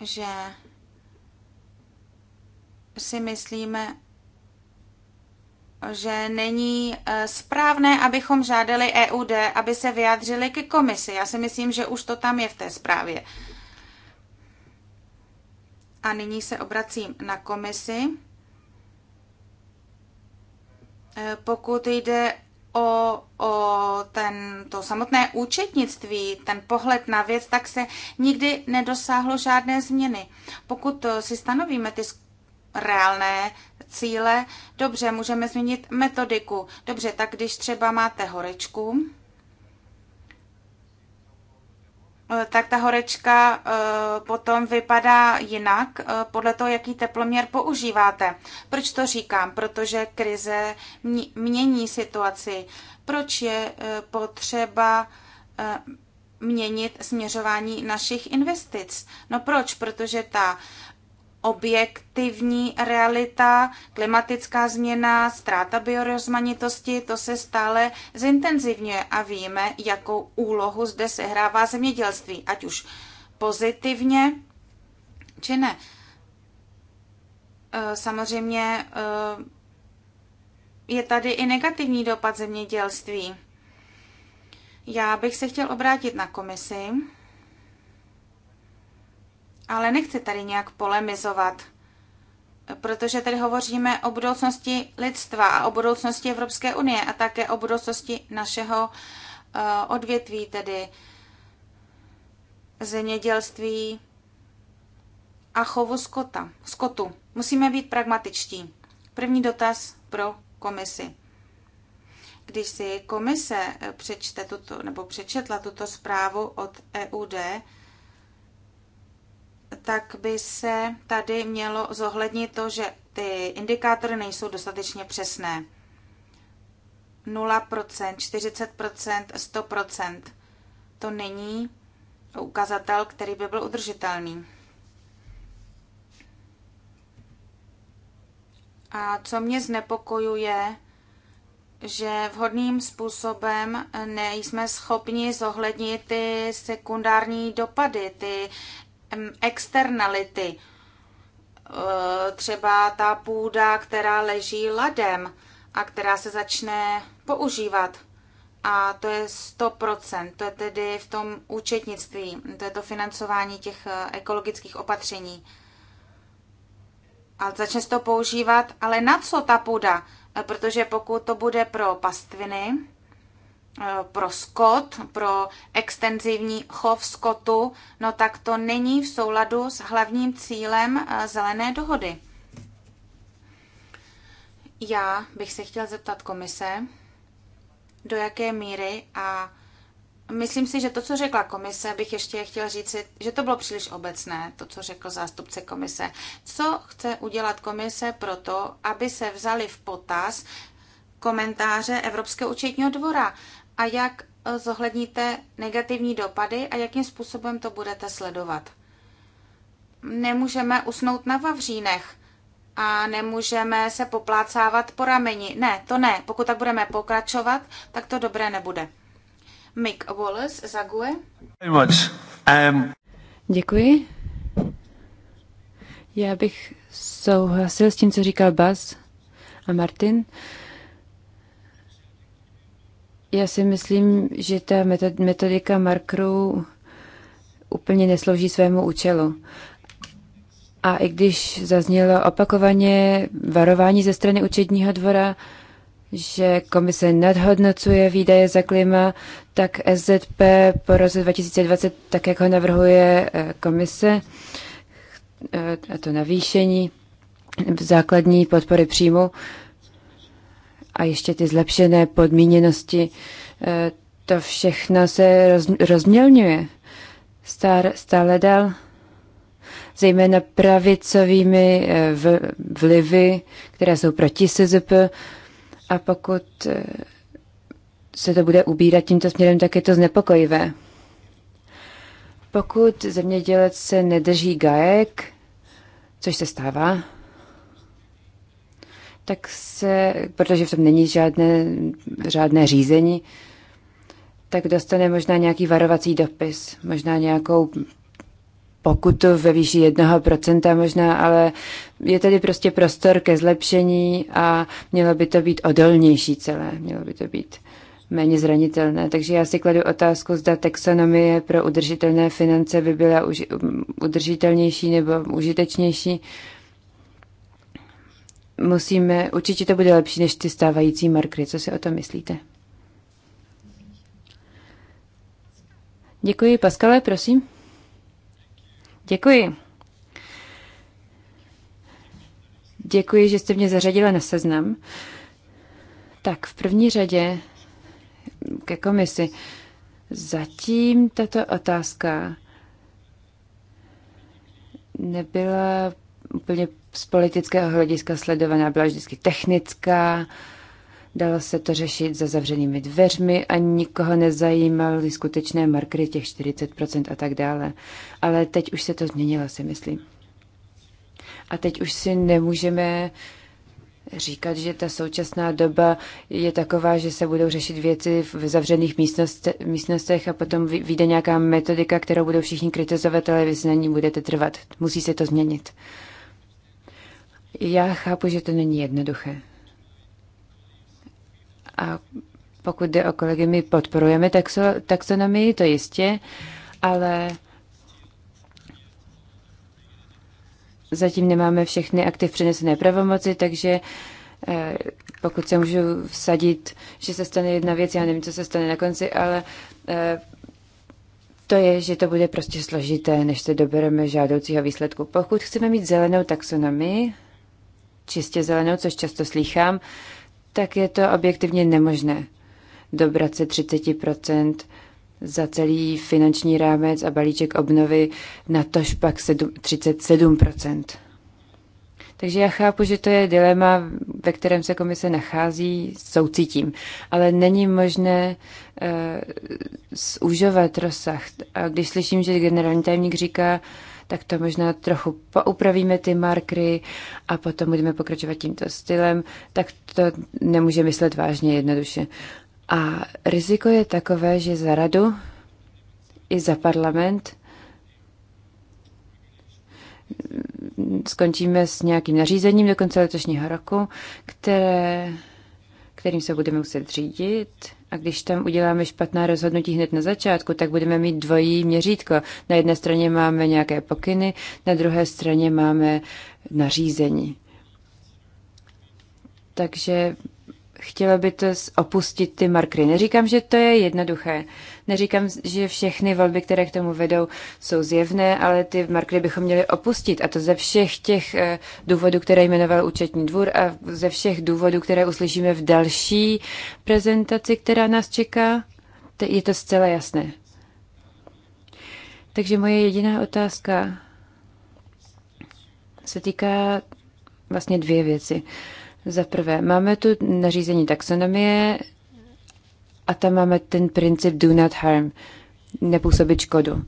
že si myslíme, že není eh, správné, abychom žádali EUD, aby se vyjádřili ke komisi. Já si myslím, že už to tam je v té zprávě. A nyní se obracím na komisi. E, pokud jde o, o ten, to samotné účetnictví, ten pohled na věc, tak se nikdy nedosáhlo žádné změny. Pokud e, si stanovíme ty reálné cíle, dobře, můžeme změnit metodiku. Dobře, tak když třeba máte horečku, Eh, tak ta horečka eh, potom vypadá jinak eh, podle toho, jaký teploměr používáte. Proč to říkám? Protože krize mění situaci. Proč je potřeba měnit směřování našich investic? No proč? Protože ta objektivní realita, klimatická změna, ztráta biorozmanitosti, to se stále zintenzivňuje a víme, jakou úlohu zde sehrává zemědělství, ať už pozitivně či ne. Eh, samozřejmě eh, je tady i negativní dopad zemědělství. Já bych se chtěl obrátit na komisi ale nechci tady nějak polemizovat, protože tady hovoříme o budoucnosti lidstva a o budoucnosti Evropské unie a také o budoucnosti našeho eh, odvětví, tedy zemědělství a chovu skota, skotu. Musíme být pragmatičtí. První dotaz pro komisi. Když si komise eh, přečte tuto, nebo přečetla tuto zprávu od EUD, tak by se tady mělo zohlednit to, že ty indikátory nejsou dostatečně přesné. 0%, 40%, 100%. To není ukazatel, který by byl udržitelný. A co mě znepokojuje, že vhodným způsobem nejsme schopni zohlednit ty sekundární dopady, ty externality. E, třeba ta půda, která leží ladem a která se začne používat. A to je 100%, to je tedy v tom účetnictví, to je to financování těch e, ekologických opatření. A začne se to používat, ale na co ta půda? E, protože pokud to bude pro pastviny, Eh, pro skot, pro extenzivní chov skotu, no tak to není v souladu s hlavním cílem eh, zelené dohody. Já bych se chtěl zeptat komise, do jaké míry a myslím si, že to, co řekla komise, bych ještě chtěl říct, že to bylo příliš obecné, to, co řekl zástupce komise. Co chce udělat komise pro to, aby se vzali v potaz komentáře Evropského účetního dvora? a jak eh, zohledníte negativní dopady a jakým způsobem to budete sledovat. Nemůžeme usnout na vavřínech a nemůžeme se poplácávat po rameni. Ne, to ne. Pokud tak budeme pokračovat, tak to dobré nebude. Mick Wallace, Zague. Um, Děkuji. Já bych souhlasil s tím, co říkal Bas a Martin. Já si myslím, že ta metodika markru úplně neslouží svému účelu. A i když zaznělo opakovaně varování ze strany účetního dvora, že komise nadhodnocuje výdaje za klima, tak SZP po roce 2020, tak jak ho navrhuje eh, komise, eh, a to navýšení základní podpory příjmu, a ještě ty zlepšené podmíněnosti, e, to všechno se roz, rozmělňuje. Star, stále dál, zejména pravicovými e, v, vlivy, které jsou proti SZP. A pokud e, se to bude ubírat tímto směrem, tak je to znepokojivé. Pokud zemědělec se nedrží gajek, což se stává, tak se, protože v tom není žádné, žádné řízení, tak dostane možná nějaký varovací dopis, možná nějakou pokutu ve výši procenta, možná, ale je tady prostě prostor ke zlepšení a mělo by to být odolnější celé, mělo by to být méně zranitelné. Takže já si kladu otázku, zda taxonomie pro udržitelné finance by byla už, um, udržitelnější nebo užitečnější. Uh, musíme, určitě to bude lepší než ty stávající markry. Co si o to myslíte? Děkuji. Paskale, prosím. Děkuji. Děkuji, že jste mě zařadila na seznam. Tak v první řadě ke komisi. Zatím tato otázka nebyla úplně z politického hlediska sledovaná byla vždycky technická, dalo se to řešit za zavřenými dveřmi a nikoho nezajímaly skutečné markery těch 40% a tak dále. Ale teď už se to změnilo, si myslím. A teď už si nemůžeme říkat, že ta současná doba je taková, že se budou řešit věci v zavřených místnostech a potom vyjde nějaká metodika, kterou budou všichni kritizovat, ale vy na ní budete trvat. Musí se to změnit. Já chápu, že to není jednoduché. A pokud jde o kolegy, my podporujeme taxo, taxonomii, to jistě, ale zatím nemáme všechny v přenesené pravomoci, takže eh, pokud se můžu vsadit, že se stane jedna věc, já nevím, co se stane na konci, ale eh, to je, že to bude prostě složité, než se dobereme žádoucího výsledku. Pokud chceme mít zelenou taxonomii, čistě zelenou, což často slýchám, tak je to objektivně nemožné dobrat se 30% za celý finanční rámec a balíček obnovy, na tož pak 37%. Takže já chápu, že to je dilema, ve kterém se komise nachází, soucítím, ale není možné uh, eh, zúžovat rozsah. A když slyším, že generální tajemník říká, tak to možná trochu poupravíme ty markry a potom budeme pokračovat tímto stylem, tak to nemůže myslet vážně jednoduše. A riziko je takové, že za radu i za parlament skončíme s nějakým nařízením do konce letošního roku, které kterým se budeme muset řídit. A když tam uděláme špatná rozhodnutí hned na začátku, tak budeme mít dvojí měřítko. Na jedné straně máme nějaké pokyny, na druhé straně máme nařízení. Takže chtěla by to opustit ty markry. Neříkám, že to je jednoduché. Neříkám, že všechny volby, které k tomu vedou, jsou zjevné, ale ty markry bychom měli opustit. A to ze všech těch eh, důvodů, které jmenoval účetní dvůr a ze všech důvodů, které uslyšíme v další prezentaci, která nás čeká. Je to zcela jasné. Takže moje jediná otázka se týká vlastně dvě věci. Uh, za prvé, máme tu nařízení taxonomie a tam máme ten princip do not harm, nepůsobit škodu.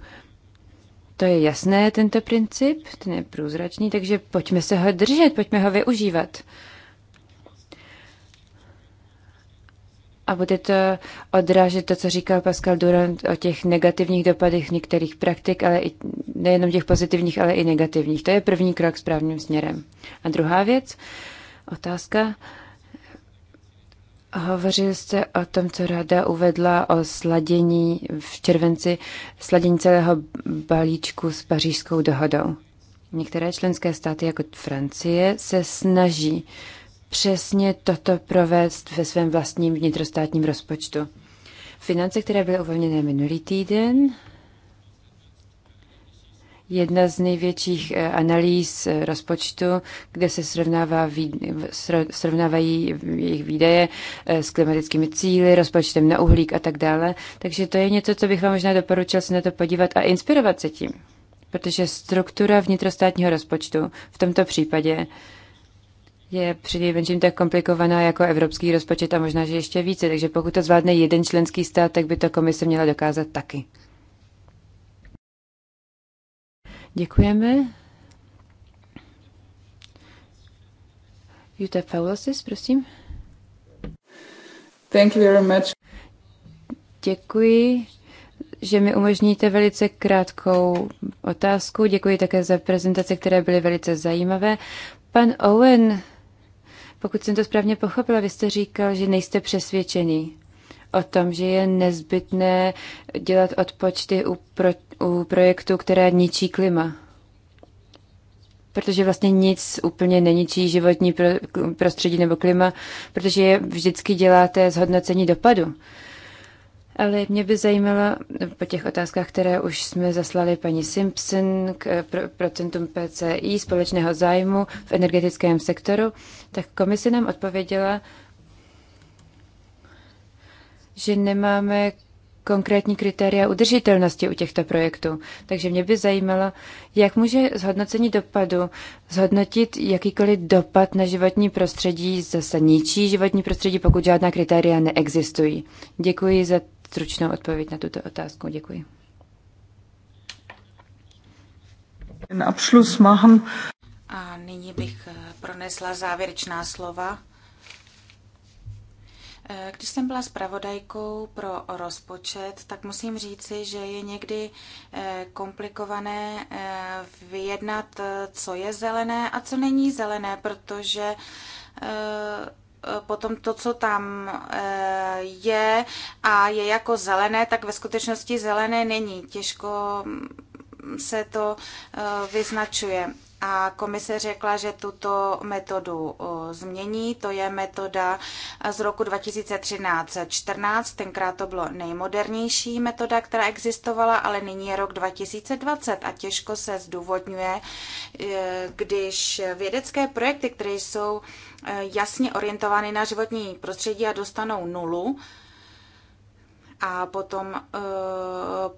To je jasné, tento princip, ten je průzračný, takže pojďme se ho držet, pojďme ho využívat. A bude to odrážet to, co říkal Pascal Durand o těch negativních dopadech některých praktik, ale i, nejenom těch pozitivních, ale i negativních. To je první krok správným směrem. A druhá věc, otázka. Hovořil jste o tom, co ráda uvedla o sladění v červenci, sladění celého balíčku s pařížskou dohodou. Některé členské státy, jako Francie, se snaží přesně toto provést ve svém vlastním vnitrostátním rozpočtu. Finance, které byly uvolněné minulý týden, jedna z největších eh, analýz eh, rozpočtu, kde se srovnává, srovnávají jejich výdaje eh, s klimatickými cíly, rozpočtem na uhlík a tak dále. Takže to je něco, co bych vám možná doporučil se na to podívat a inspirovat se tím. Protože struktura vnitrostátního rozpočtu v tomto případě je nejmenším tak komplikovaná jako evropský rozpočet a možná, že ještě více. Takže pokud to zvládne jeden členský stát, tak by to komise měla dokázat taky. Děkujeme. Jutta Faulosis, prosím. Thank you very much. Děkuji, že mi umožníte velice krátkou otázku. Děkuji také za prezentace, které byly velice zajímavé. Pan Owen, pokud jsem to správně pochopila, vy jste říkal, že nejste přesvědčený o tom, že je nezbytné dělat odpočty u, pro, u projektů, které ničí klima. Protože vlastně nic úplně neničí životní pro, prostředí nebo klima, protože je vždycky děláte zhodnocení dopadu. Ale mě by zajímalo po těch otázkách, které už jsme zaslali paní Simpson k eh, procentům PCI společného zájmu v energetickém sektoru, tak komise nám odpověděla, že nemáme konkrétní kritéria udržitelnosti u těchto projektů. Takže mě by zajímalo, jak může zhodnocení dopadu zhodnotit jakýkoliv dopad na životní prostředí, zase ničí životní prostředí, pokud žádná kritéria neexistují. Děkuji za stručnou odpověď na tuto otázku. Děkuji. A nyní bych pronesla závěrečná slova Eh, když jsem byla zpravodajkou pro rozpočet, tak musím říci, že je někdy eh, komplikované eh, vyjednat, co je zelené a co není zelené, protože potom to, co tam je a je jako zelené, tak ve skutečnosti zelené není. Těžko mm, se to vyznačuje a komise řekla, že tuto metodu změní. To je metoda z roku 2013-14, tenkrát to bylo nejmodernější metoda, která existovala, ale nyní je rok 2020 a těžko se zdůvodňuje, e, když vědecké projekty, které jsou e, jasně orientovány na životní prostředí a dostanou nulu, a potom eh,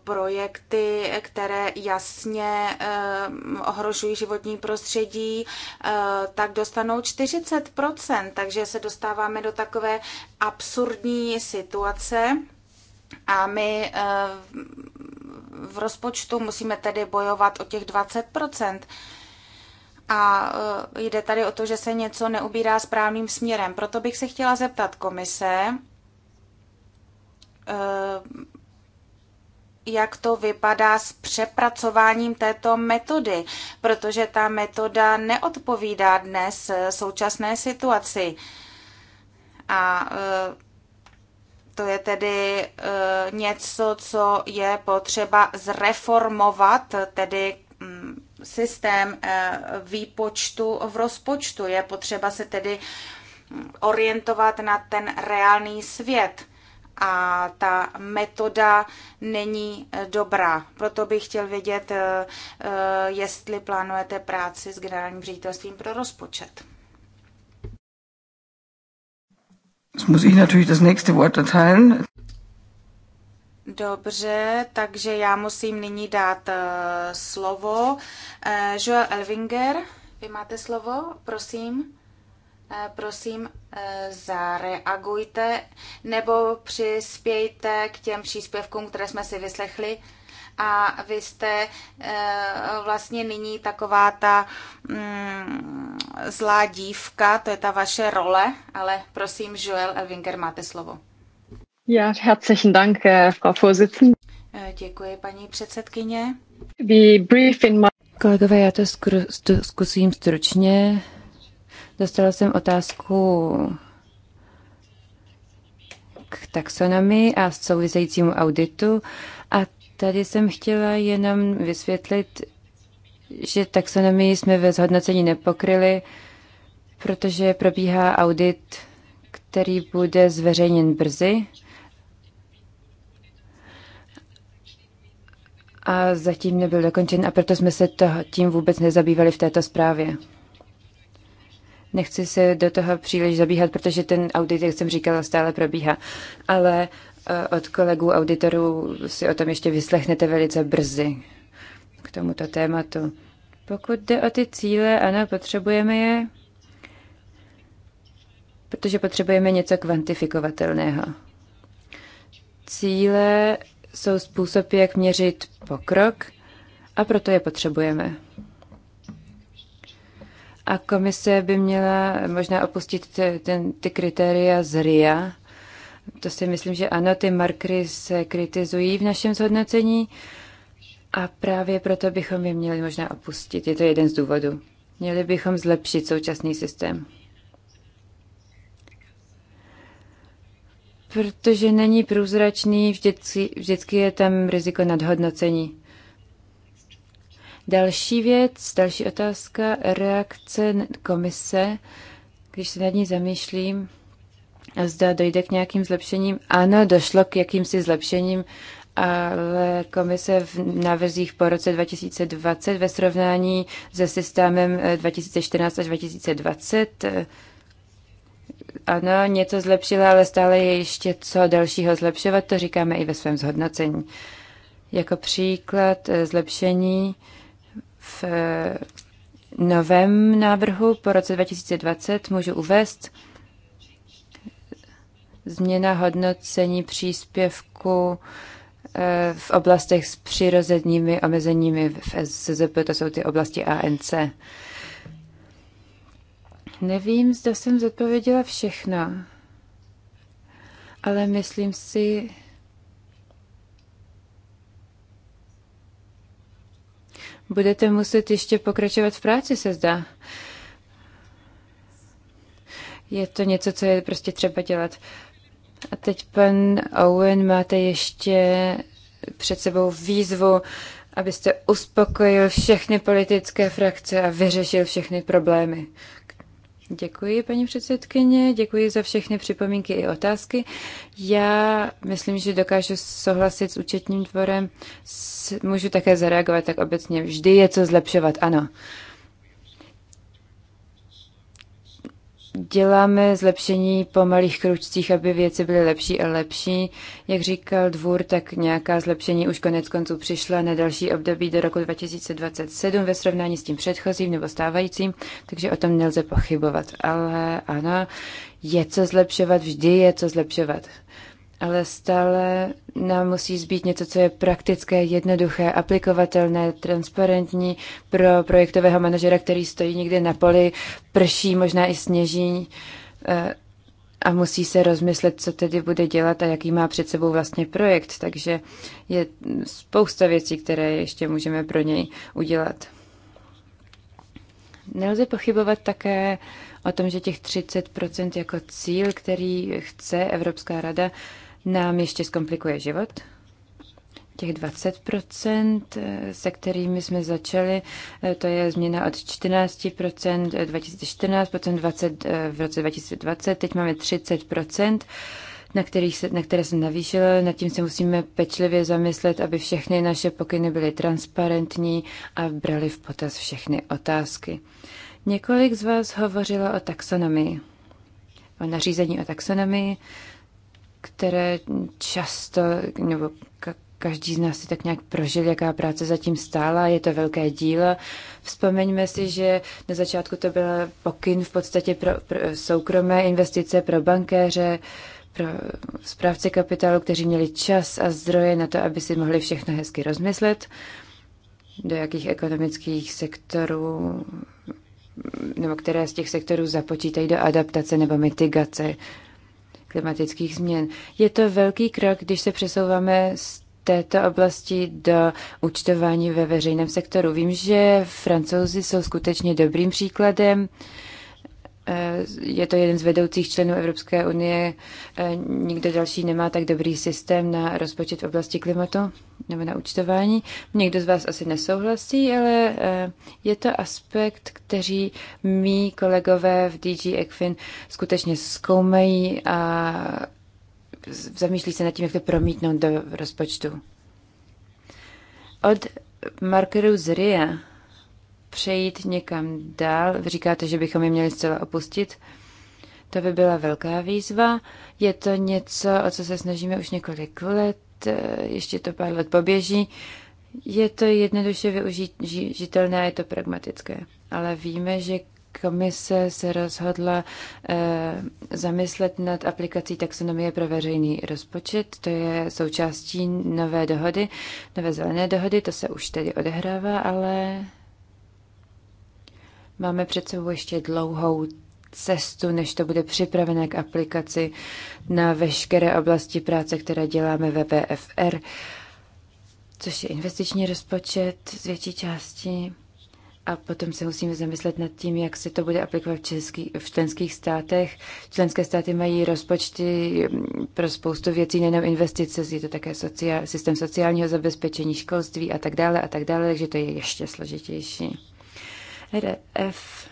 projekty, které jasně eh, ohrožují životní prostředí, eh, tak dostanou 40%, takže se dostáváme do takové absurdní situace a my v rozpočtu musíme tedy bojovat o těch 20%. A jde tady o to, že se něco neubírá správným směrem. Proto bych se chtěla zeptat komise, Eh, jak to vypadá s přepracováním této metody, protože ta metoda neodpovídá dnes současné situaci. A eh, to je tedy eh, něco, co je potřeba zreformovat, tedy mm, systém výpočtu v rozpočtu. Je potřeba se tedy mm, orientovat na ten reálný svět a ta metoda není eh, dobrá. Proto bych chtěl vědět, eh, eh, jestli plánujete práci s generálním ředitelstvím pro rozpočet. Jetzt muss ich natürlich das nächste Wort erteilen. Dobře, takže já musím nyní dát uh, slovo. Uh, Joel Elvinger, vy máte slovo, prosím. Eh, prosím, eh, zareagujte nebo přispějte k těm příspěvkům, které jsme si vyslechli. A vy jste eh, vlastně nyní taková ta mm, zlá dívka, to je ta vaše role, ale prosím, Joel Elvinger, máte slovo. Ja, herzlichen Dank, Frau Vorsitzende. Děkuji, paní předsedkyně. Kolegové, já to zkusím stručně. Dostala jsem otázku k taxonomii a souvisejícímu auditu a tady jsem chtěla jenom vysvětlit, že taxonomii jsme ve zhodnocení nepokryli, protože probíhá audit, který bude zveřejněn brzy. A zatím nebyl dokončen a proto jsme se to, tím vůbec nezabývali v této zprávě. Nechci se do toho příliš zabíhat, protože ten audit, jak jsem říkala, stále probíhá. Ale eh, od kolegů auditorů si o tom ještě vyslechnete velice brzy k tomuto tématu. Pokud jde o ty cíle, ano, potřebujeme je, protože potřebujeme něco kvantifikovatelného. Cíle jsou způsob, jak měřit pokrok a proto je potřebujeme. A komise by měla možná opustit ty, ten, ty kritéria z RIA. To si myslím, že ano, ty markry se kritizují v našem zhodnocení a právě proto bychom je měli možná opustit. Je to jeden z důvodů. Měli bychom zlepšit současný systém. Protože není průzračný, vždycky, vždycky je tam riziko nadhodnocení. Další věc, další otázka, reakce komise, když se nad ní zamýšlím, zda dojde k nějakým zlepšením. Ano, došlo k jakýmsi zlepšením, ale komise v návrzích po roce 2020 ve srovnání se systémem 2014 eh, až 2020 eh, ano, něco zlepšila, ale stále je ještě co dalšího zlepšovat, to říkáme i ve svém zhodnocení. Jako příklad eh, zlepšení v novém návrhu po roce 2020 můžu uvést změna hodnocení příspěvku eh, v oblastech s přirozenými omezeními v SZP, to jsou ty oblasti ANC. Nevím, zda jsem zodpověděla všechno, ale myslím si, budete muset ještě pokračovat v práci, se zdá. Je to něco, co je prostě třeba dělat. A teď, pan Owen, máte ještě před sebou výzvu, abyste uspokojil všechny politické frakce a vyřešil všechny problémy, Děkuji, paní předsedkyně, děkuji za všechny připomínky i otázky. Já myslím, že dokážu souhlasit s účetním dvorem, můžu také zareagovat tak obecně. Vždy je co zlepšovat, ano. děláme zlepšení po malých kručcích, aby věci byly lepší a lepší. Jak říkal dvůr, tak nějaká zlepšení už konec konců přišla na další období do roku 2027 ve srovnání s tím předchozím nebo stávajícím, takže o tom nelze pochybovat. Ale ano, je co zlepšovat, vždy je co zlepšovat ale stále nám musí zbýt něco, co je praktické, jednoduché, aplikovatelné, transparentní pro projektového manažera, který stojí někde na poli, prší, možná i sněží eh, a musí se rozmyslet, co tedy bude dělat a jaký má před sebou vlastně projekt. Takže je spousta věcí, které ještě můžeme pro něj udělat. Nelze pochybovat také o tom, že těch 30% jako cíl, který chce Evropská rada, nám ještě zkomplikuje život. Těch 20%, eh, se kterými jsme začali, eh, to je změna od 14% 2014, potom 20, v roce 2020, teď máme 30%, na, kterých se, na které se navýšilo. Nad tím se musíme pečlivě zamyslet, aby všechny naše pokyny byly transparentní a brali v potaz všechny otázky. Několik z vás hovořilo o taxonomii, o nařízení o taxonomii které často, nebo každý z nás si tak nějak prožil, jaká práce zatím stála, je to velké dílo. Vzpomeňme si, že na začátku to byl pokyn v podstatě pro, pro soukromé investice pro bankéře, pro správce kapitálu, kteří měli čas a zdroje na to, aby si mohli všechno hezky rozmyslet, do jakých ekonomických sektorů nebo které z těch sektorů započítají do adaptace nebo mitigace klimatických změn. Je to velký krok, když se přesouváme z této oblasti do účtování ve veřejném sektoru. Vím, že francouzi jsou skutečně dobrým příkladem. Eh, je to jeden z vedoucích členů Evropské unie. Eh, nikdo další nemá tak dobrý systém na rozpočet v oblasti klimatu nebo na účtování. Někdo z vás asi nesouhlasí, ale eh, je to aspekt, který mý kolegové v DG ECFIN skutečně zkoumají a zamýšlí se nad tím, jak to promítnout do rozpočtu. Od markeru Zria přejít někam dál. Vy říkáte, že bychom je měli zcela opustit. To by byla velká výzva. Je to něco, o co se snažíme už několik let, eh, ještě to pár let poběží. Je to jednoduše využitelné a je to pragmatické. Ale víme, že komise se rozhodla eh, zamyslet nad aplikací taxonomie pro veřejný rozpočet. To je součástí nové dohody, nové zelené dohody, to se už tedy odehrává, ale Máme před sebou ještě dlouhou cestu, než to bude připravené k aplikaci na veškeré oblasti práce, které děláme ve VFR, což je investiční rozpočet z větší části. A potom se musíme zamyslet nad tím, jak se to bude aplikovat v, český, v členských státech. Členské státy mají rozpočty mm, pro spoustu věcí, nejenom investice, je to také sociál, systém sociálního zabezpečení, školství a tak dále a tak dále, takže to je ještě složitější. RF.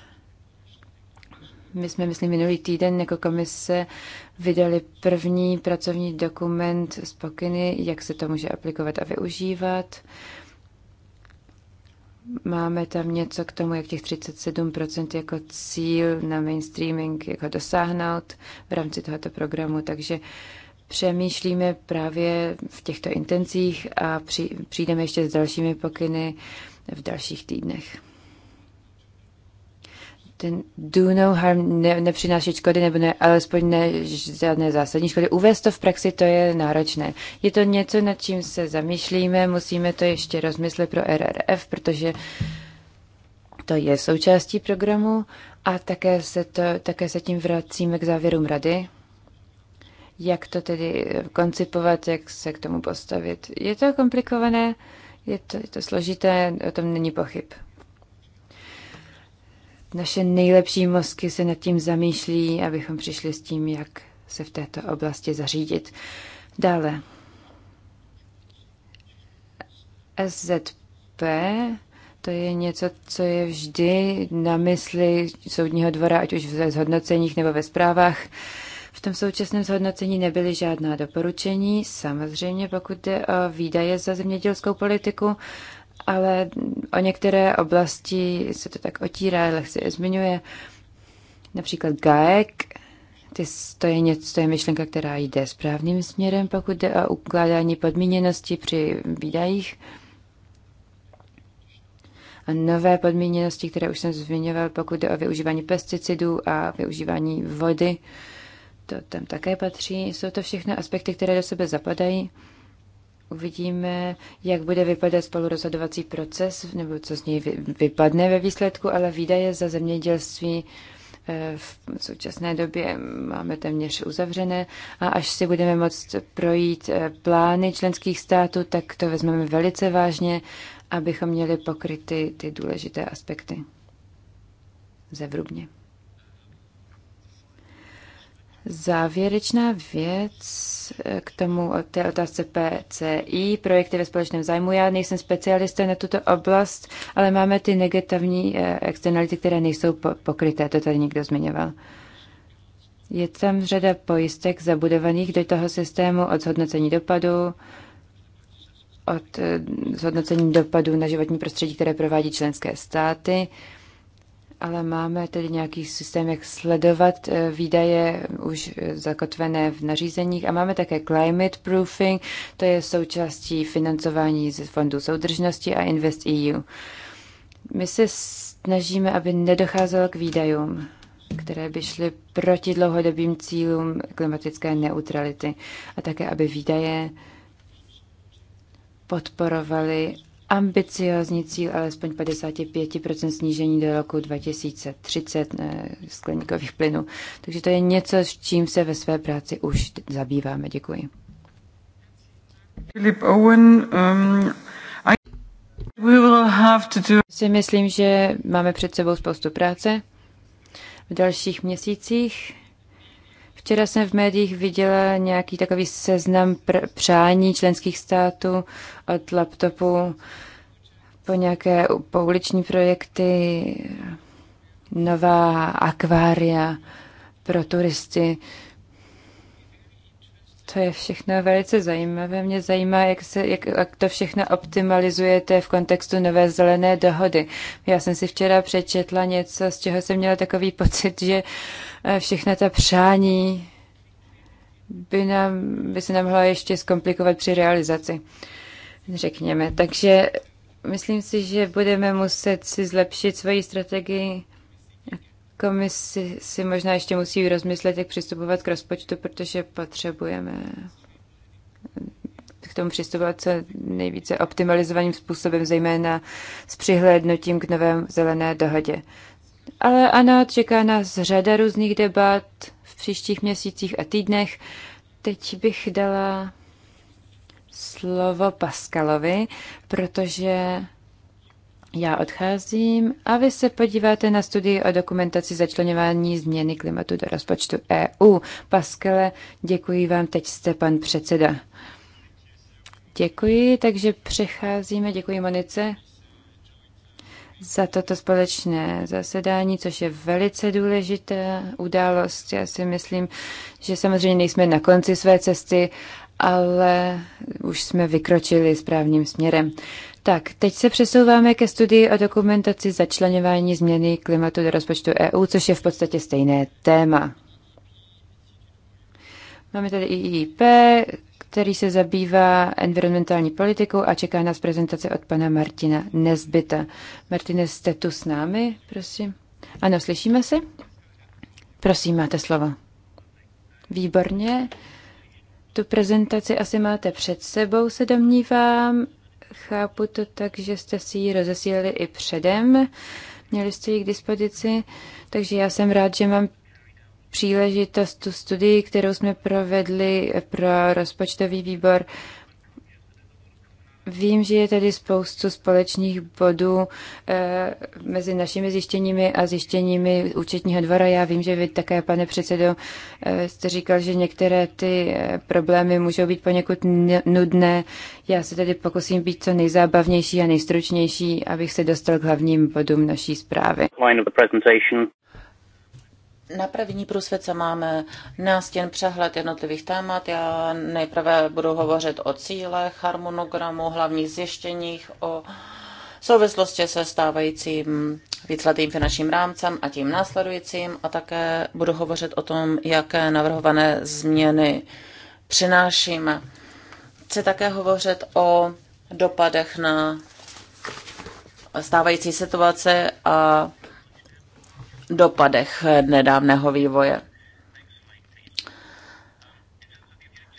My jsme, myslím, minulý týden jako komise vydali první pracovní dokument z pokyny, jak se to může aplikovat a využívat. Máme tam něco k tomu, jak těch 37% jako cíl na mainstreaming, jak ho dosáhnout v rámci tohoto programu, takže přemýšlíme právě v těchto intencích a při, přijdeme ještě s dalšími pokyny v dalších týdnech ten do no harm ne, nepřinášet škody nebo ne, alespoň ne žádné zásadní škody. Uvést to v praxi, to je náročné. Je to něco, nad čím se zamýšlíme, musíme to ještě rozmyslet pro RRF, protože to je součástí programu a také se, to, také se tím vracíme k závěrům rady. Jak to tedy koncipovat, jak se k tomu postavit. Je to komplikované, je to, je to složité, o tom není pochyb. Naše nejlepší mozky se nad tím zamýšlí, abychom přišli s tím, jak se v této oblasti zařídit. Dále. SZP to je něco, co je vždy na mysli soudního dvora, ať už ve zhodnoceních nebo ve zprávách. V tom současném zhodnocení nebyly žádná doporučení, samozřejmě pokud jde o výdaje za zemědělskou politiku, ale o některé oblasti se to tak otírá, lehce se zmiňuje. Například GAEK, ty, to, je něco, to je myšlenka, která jde správným směrem, pokud jde o ukládání podmíněnosti při výdajích. A nové podmíněnosti, které už jsem zmiňoval, pokud jde o využívání pesticidů a využívání vody, to tam také patří. Jsou to všechny aspekty, které do sebe zapadají. Uvidíme, jak bude vypadat spolurozhodovací proces, nebo co z něj vypadne ve výsledku, ale výdaje za zemědělství eh, v současné době máme téměř uzavřené a až si budeme moct projít eh, plány členských států, tak to vezmeme velice vážně, abychom měli pokryty ty důležité aspekty. Zevrubně. Závěrečná věc eh, k tomu eh, té otázce PCI, projekty ve společném zájmu. Já nejsem specialista na tuto oblast, ale máme ty negativní eh, externality, které nejsou pokryté, to tady někdo zmiňoval. Je tam řada pojistek zabudovaných do toho systému od zhodnocení dopadu, od zhodnocení dopadů na životní prostředí, které provádí členské státy. Ale máme tedy nějaký systém, jak sledovat eh, výdaje už eh, zakotvené v nařízeních a máme také climate proofing, to je součástí financování ze fondů soudržnosti a Invest EU. My se snažíme, aby nedocházelo k výdajům, které by šly proti dlouhodobým cílům klimatické neutrality a také, aby výdaje podporovaly ambiciozní cíl alespoň 55% snížení do roku 2030 eh, skleníkových plynů. Takže to je něco, s čím se ve své práci už zabýváme. Děkuji. Philip Owen, um, I will have to do... Si myslím, že máme před sebou spoustu práce v dalších měsících. Včera jsem v médiích viděla nějaký takový seznam pr- přání členských států od laptopu po nějaké pouliční projekty, nová akvária pro turisty. To je všechno velice zajímavé. Mě zajímá, jak, se, jak, jak to všechno optimalizujete v kontextu nové zelené dohody. Já jsem si včera přečetla něco, z čeho jsem měla takový pocit, že eh, všechna ta přání by, nám, by se nám mohla ještě zkomplikovat při realizaci, řekněme. Takže myslím si, že budeme muset si zlepšit svoji strategii Komisi si možná ještě musí rozmyslet, jak přistupovat k rozpočtu, protože potřebujeme k tomu přistupovat co nejvíce optimalizovaným způsobem, zejména s přihlédnutím k novém zelené dohodě. Ale ano, čeká nás řada různých debat v příštích měsících a týdnech. Teď bych dala slovo Paskalovi, protože já odcházím a vy se podíváte na studii o dokumentaci začlenování změny klimatu do rozpočtu EU. Paskele, děkuji vám, teď jste pan předseda. Děkuji, takže přecházíme, děkuji Monice za toto společné zasedání, což je velice důležitá událost. Já si myslím, že samozřejmě nejsme na konci své cesty, ale už jsme vykročili správným směrem. Tak, teď se přesouváme ke studii o dokumentaci začlenování změny klimatu do rozpočtu EU, což je v podstatě stejné téma. Máme tady IIP, který se zabývá environmentální politikou a čeká nás prezentace od pana Martina Nezbyta. Martine, jste tu s námi, prosím? Ano, slyšíme se? Prosím, máte slovo. Výborně. Tu prezentaci asi máte před sebou, se domnívám chápu to tak, že jste si ji rozesílili i předem, měli jste ji k dispozici, takže já jsem rád, že mám příležitost tu studii, kterou jsme provedli pro rozpočtový výbor, Vím, že je tady spoustu společných bodů e, mezi našimi zjištěními a zjištěními účetního dvora. Já vím, že vy také, pane předsedo, e, jste říkal, že některé ty eh, problémy můžou být poněkud nudné. Já se tedy pokusím být co nejzábavnější a nejstručnější, abych se dostal k hlavním bodům naší zprávy. Na první průsvědce máme nástěn přehled jednotlivých témat. Já nejprve budu hovořit o cílech, harmonogramu, hlavních zjištěních, o souvislosti se stávajícím víceletým finančním rámcem a tím následujícím a také budu hovořit o tom, jaké navrhované změny přinášíme. Chci také hovořit o dopadech na stávající situaci a dopadech nedávného vývoje.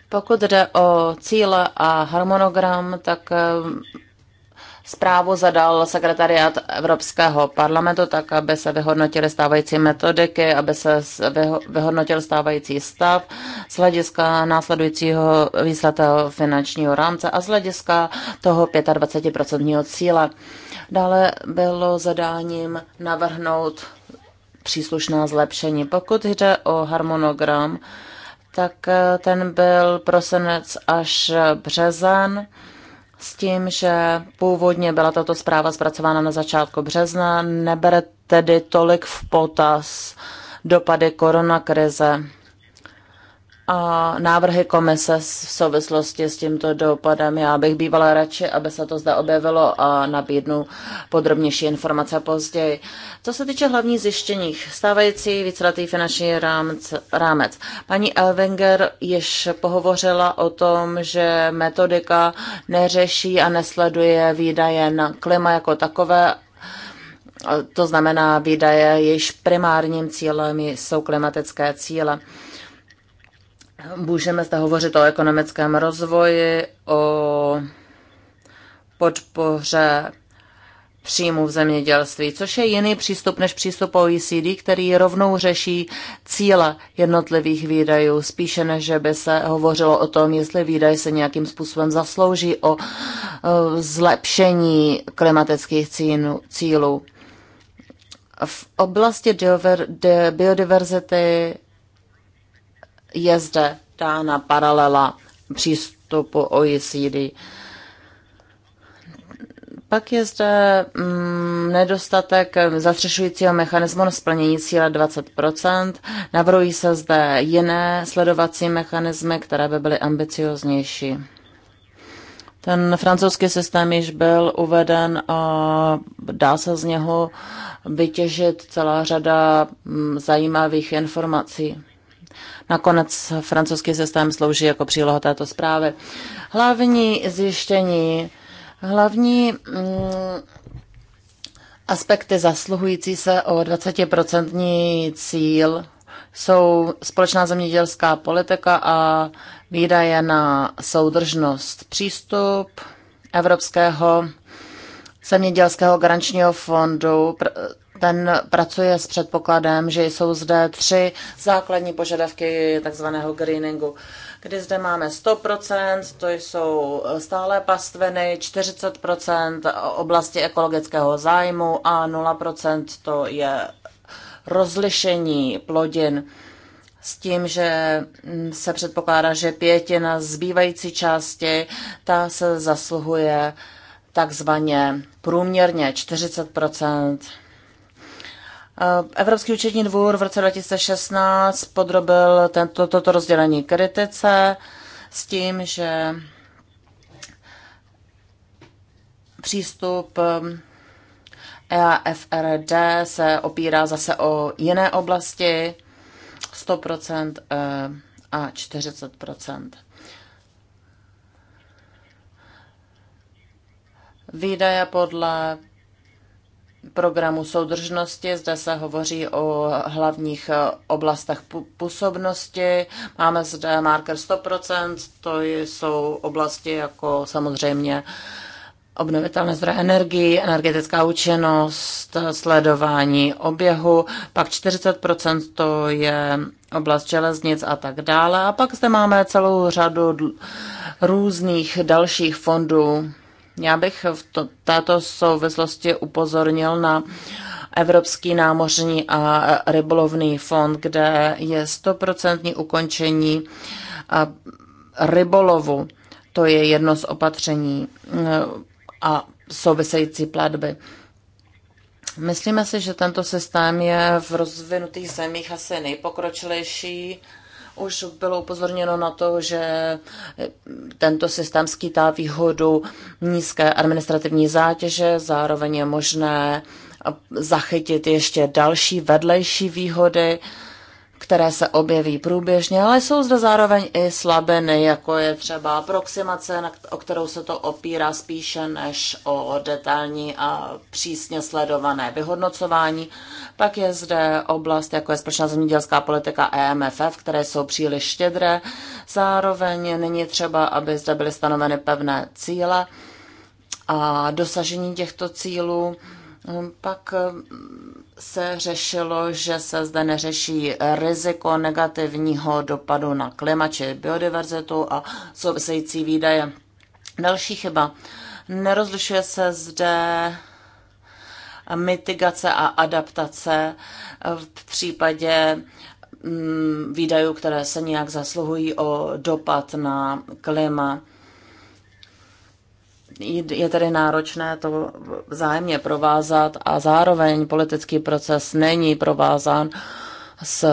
Pokud jde o cíle a harmonogram, tak eh, zprávu zadal sekretariát Evropského parlamentu, tak aby se vyhodnotily stávající metodiky, aby se vyhodnotil stávající stav z hlediska následujícího výsledného finančního rámce a z hlediska toho 25% cíle. Dále bylo zadáním navrhnout příslušná zlepšení. Pokud jde o harmonogram, tak eh, ten byl prosinec až březen s tím, že původně byla tato zpráva zpracována na začátku března, nebere tedy tolik v potaz dopady koronakrize a návrhy komise v souvislosti s tímto dopadem. Já bych bývala radši, aby se to zde objevilo a nabídnu podrobnější informace později. Co se týče hlavních zjištění, stávající víceletý finanční rámec, rámec. Paní Elvinger již pohovořila o tom, že metodika neřeší a nesleduje výdaje na klima jako takové, to znamená výdaje, jejichž primárním cílem jsou klimatické cíle. Můžeme zde hovořit o ekonomickém rozvoji, o podpoře příjmu v zemědělství, což je jiný přístup než přístup OECD, který rovnou řeší cíle jednotlivých výdajů, spíše než že by se hovořilo o tom, jestli výdaj se nějakým způsobem zaslouží o e, zlepšení klimatických cílů. V oblasti biodiverzity je zde dána paralela přístupu OECD. Pak je zde mm, nedostatek zastřešujícího mechanismu na splnění cíle 20 Navrhují se zde jiné sledovací mechanismy, které by byly ambicioznější. Ten francouzský systém již byl uveden a dá se z něho vytěžit celá řada mm, zajímavých informací. Nakonec francouzský systém slouží jako příloha této zprávy. Hlavní zjištění, hlavní mm, aspekty zasluhující se o 20% cíl jsou společná zemědělská politika a výdaje na soudržnost. Přístup Evropského zemědělského garančního fondu ten pracuje s předpokladem, že jsou zde tři základní požadavky takzvaného greeningu, kdy zde máme 100%, to jsou stále pastviny, 40% oblasti ekologického zájmu a 0% to je rozlišení plodin s tím, že se předpokládá, že pětina zbývající části, ta se zasluhuje takzvaně průměrně 40 Eh, Evropský účetní dvůr v roce 2016 podrobil tento, toto rozdělení kritice s tím, že přístup EAFRD eh, e se opírá zase o jiné oblasti 100% eh, a 40%. Výdaje podle programu soudržnosti. Zde se hovoří o hlavních eh, oblastech působnosti. Máme zde marker 100%, to jsou oblasti jako samozřejmě obnovitelné zdroje energii, energetická účinnost, sledování oběhu, pak 40% to je oblast železnic a tak dále. A pak zde máme celou řadu různých dalších fondů, já bych v to, této souvislosti upozornil na Evropský námořní a rybolovný fond, kde je stoprocentní ukončení rybolovu. To je jedno z opatření a související platby. Myslíme si, že tento systém je v rozvinutých zemích asi nejpokročilejší už bylo upozorněno na to, že tento systém skýtá výhodu nízké administrativní zátěže, zároveň je možné zachytit ještě další vedlejší výhody které se objeví průběžně, ale jsou zde zároveň i slabé, jako je třeba aproximace, o kterou se to opírá spíše než o detailní a přísně sledované vyhodnocování. Pak je zde oblast, jako je společná zemědělská politika EMFF, které jsou příliš štědré. Zároveň není třeba, aby zde byly stanoveny pevné cíle a dosažení těchto cílů. Pak se řešilo, že se zde neřeší riziko negativního dopadu na klima či biodiverzitu a související výdaje. Další chyba. Nerozlišuje se zde mitigace a adaptace v případě mm, výdajů, které se nějak zasluhují o dopad na klima je tedy náročné to vzájemně provázat a zároveň politický proces není provázán s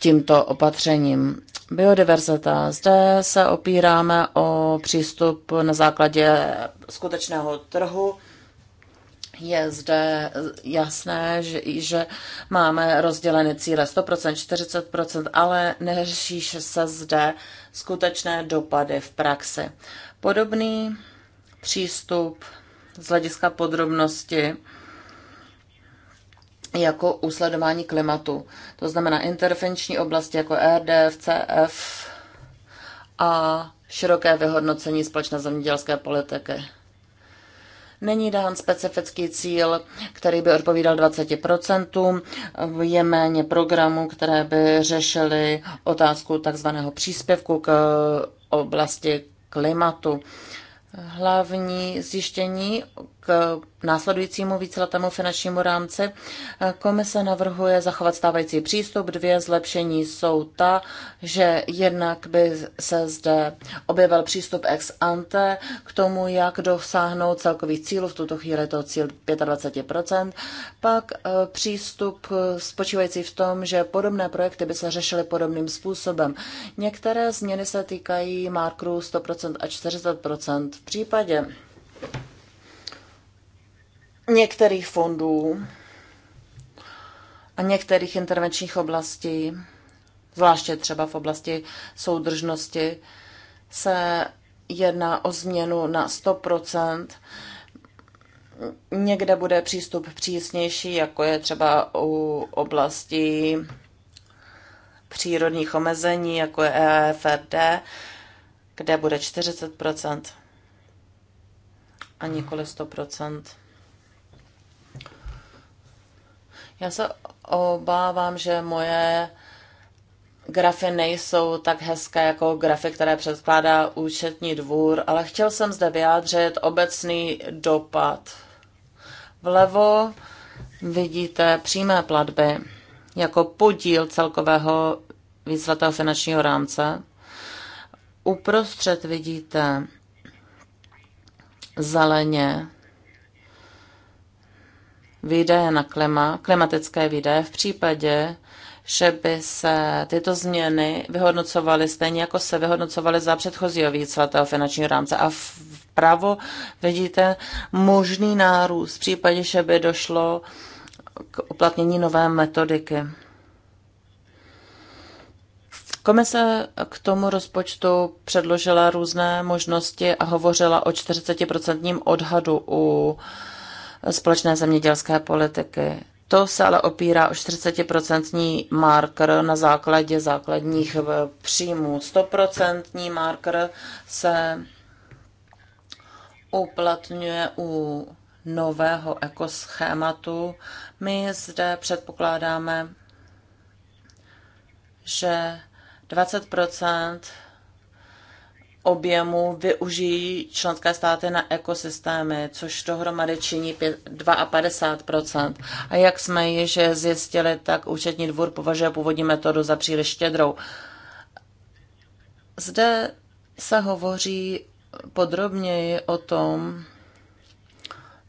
tímto opatřením. Biodiverzita. Zde se opíráme o přístup na základě skutečného trhu. Je zde jasné, že, že máme rozdělené cíle 100%, 40%, ale neřeší se zde skutečné dopady v praxi. Podobný přístup z hlediska podrobnosti jako usledování klimatu. To znamená intervenční oblasti jako RDF, CF a široké vyhodnocení společné zemědělské politiky. Není dán specifický cíl, který by odpovídal 20%. Je méně programů, které by řešily otázku takzvaného příspěvku k oblasti klimatu. Hlavní zjištění k následujícímu víceletému finančnímu rámci. Komise navrhuje zachovat stávající přístup. Dvě zlepšení jsou ta, že jednak by se zde objevil přístup ex ante k tomu, jak dosáhnout celkových cílů. V tuto chvíli je to cíl 25%. Pak eh, přístup eh, spočívající v tom, že podobné projekty by se řešily podobným způsobem. Některé změny se týkají markerů 100% a 40%. V případě některých fondů a některých intervenčních oblastí, zvláště třeba v oblasti soudržnosti, se jedná o změnu na 100%. Někde bude přístup přísnější, jako je třeba u oblasti přírodních omezení, jako je EFRD, kde bude 40% a nikoli 100%. Já se obávám, že moje grafy nejsou tak hezké jako grafy, které předkládá účetní dvůr, ale chtěl jsem zde vyjádřit obecný dopad. Vlevo vidíte přímé platby jako podíl celkového výsledného finančního rámce. Uprostřed vidíte zeleně výdaje na klima, klimatické výdaje v případě, že by se tyto změny vyhodnocovaly stejně, jako se vyhodnocovaly za předchozího víceletého finančního rámce. A vpravo vidíte možný nárůst v případě, že by došlo k uplatnění nové metodiky. Komise k tomu rozpočtu předložila různé možnosti a hovořila o 40% odhadu u společné zemědělské politiky. To se ale opírá o 40% marker na základě základních eh, příjmů. 100% marker se uplatňuje u nového ekoschématu. My zde předpokládáme, že 20 objemu využijí členské státy na ekosystémy, což dohromady činí 52%. A jak jsme již zjistili, tak účetní dvůr považuje původní metodu za příliš štědrou. Zde se hovoří podrobněji o tom,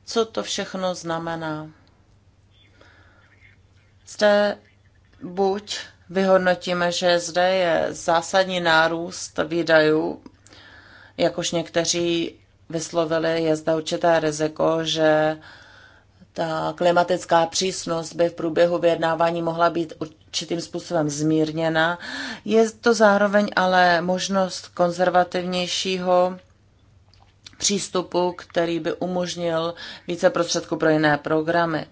co to všechno znamená. Zde buď vyhodnotíme, že zde je zásadní nárůst výdajů jak už někteří vyslovili, je zde určité riziko, že ta klimatická přísnost by v průběhu vyjednávání mohla být určitým způsobem zmírněna. Je to zároveň ale možnost konzervativnějšího přístupu, který by umožnil více prostředků pro jiné programy.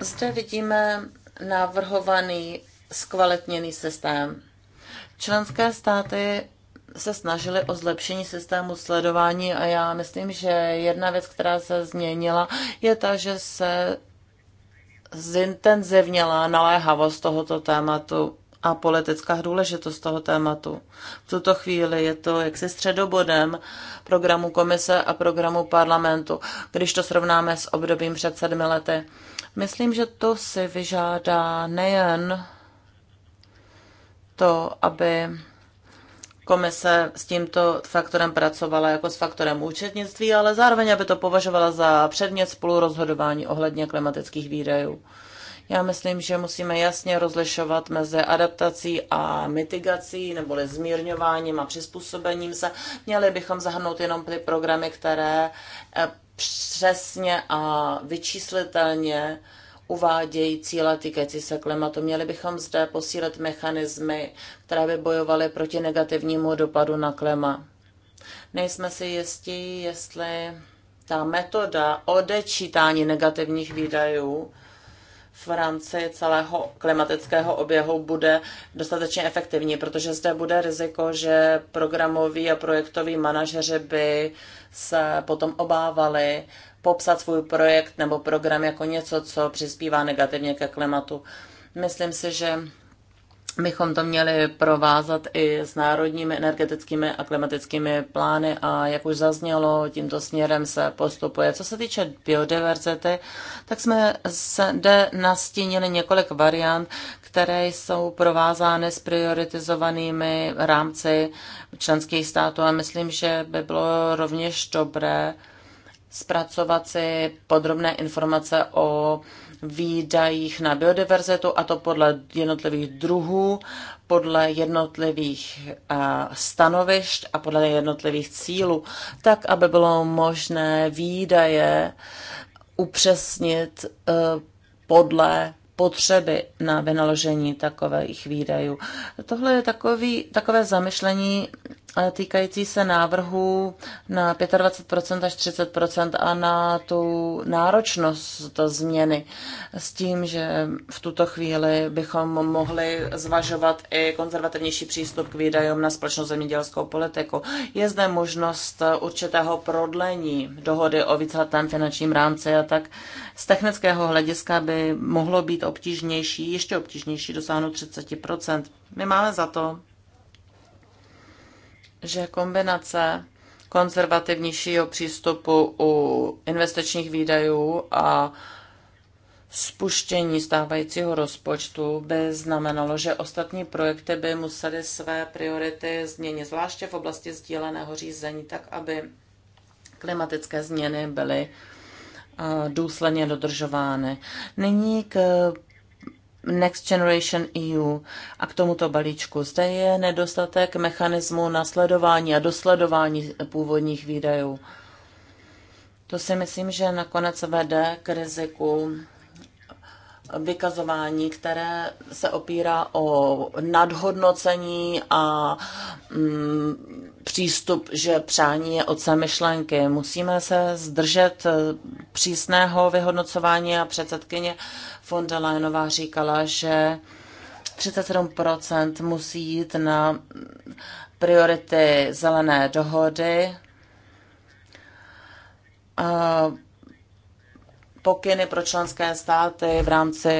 Zde vidíme navrhovaný zkvalitněný systém. Členské státy se snažili o zlepšení systému sledování a já myslím, že jedna věc, která se změnila, je ta, že se zintenzivněla naléhavost tohoto tématu a politická důležitost toho tématu. V tuto chvíli je to jaksi středobodem programu komise a programu parlamentu, když to srovnáme s obdobím před sedmi lety. Myslím, že to si vyžádá nejen to, aby komise s tímto faktorem pracovala jako s faktorem účetnictví, ale zároveň, aby to považovala za předmět spolurozhodování ohledně klimatických výdajů. Já myslím, že musíme jasně rozlišovat mezi adaptací a mitigací, neboli zmírňováním a přizpůsobením se. Měli bychom zahrnout jenom ty programy, které eh, přesně a vyčíslitelně uvádějí cíle týkající se klimatu. Měli bychom zde posílit mechanismy, které by bojovaly proti negativnímu dopadu na klima. Nejsme si jistí, jestli ta metoda odečítání negativních výdajů v rámci celého klimatického oběhu bude dostatečně efektivní, protože zde bude riziko, že programoví a projektoví manažeři by se potom obávali popsat svůj projekt nebo program jako něco, co přispívá negativně ke klimatu. Myslím si, že bychom to měli provázat i s národními energetickými a klimatickými plány a jak už zaznělo, tímto směrem se postupuje. Co se týče biodiverzity, tak jsme zde nastínili několik variant, které jsou provázány s prioritizovanými rámci členských států a myslím, že by bylo rovněž dobré zpracovat si podrobné informace o výdajích na biodiverzitu, a to podle jednotlivých druhů, podle jednotlivých eh, stanovišť a podle jednotlivých cílů, tak, aby bylo možné výdaje upřesnit eh, podle potřeby na vynaložení takových výdajů. Tohle je takový, takové zamyšlení týkající se návrhů na 25% až 30% a na tu náročnost změny. S tím, že v tuto chvíli bychom mohli zvažovat i konzervativnější přístup k výdajům na společnou zemědělskou politiku. Je zde možnost určitého prodlení dohody o víceletém finančním rámci a tak z technického hlediska by mohlo být obtížnější, ještě obtížnější dosáhnout 30%. My máme za to, že kombinace konzervativnějšího přístupu u investičních výdajů a spuštění stávajícího rozpočtu by znamenalo, že ostatní projekty by musely své priority změnit, zvláště v oblasti sdíleného řízení, tak aby klimatické změny byly eh, důsledně dodržovány. Nyní k Next Generation EU. A k tomuto balíčku zde je nedostatek mechanismu nasledování a dosledování původních výdajů. To si myslím, že nakonec vede k riziku vykazování, které se opírá o nadhodnocení a mm, přístup, že přání je otcem myšlenky. Musíme se zdržet eh, přísného vyhodnocování a předsedkyně von der Leyenová říkala, že 37% musí jít na priority zelené dohody. A pokyny pro členské státy v rámci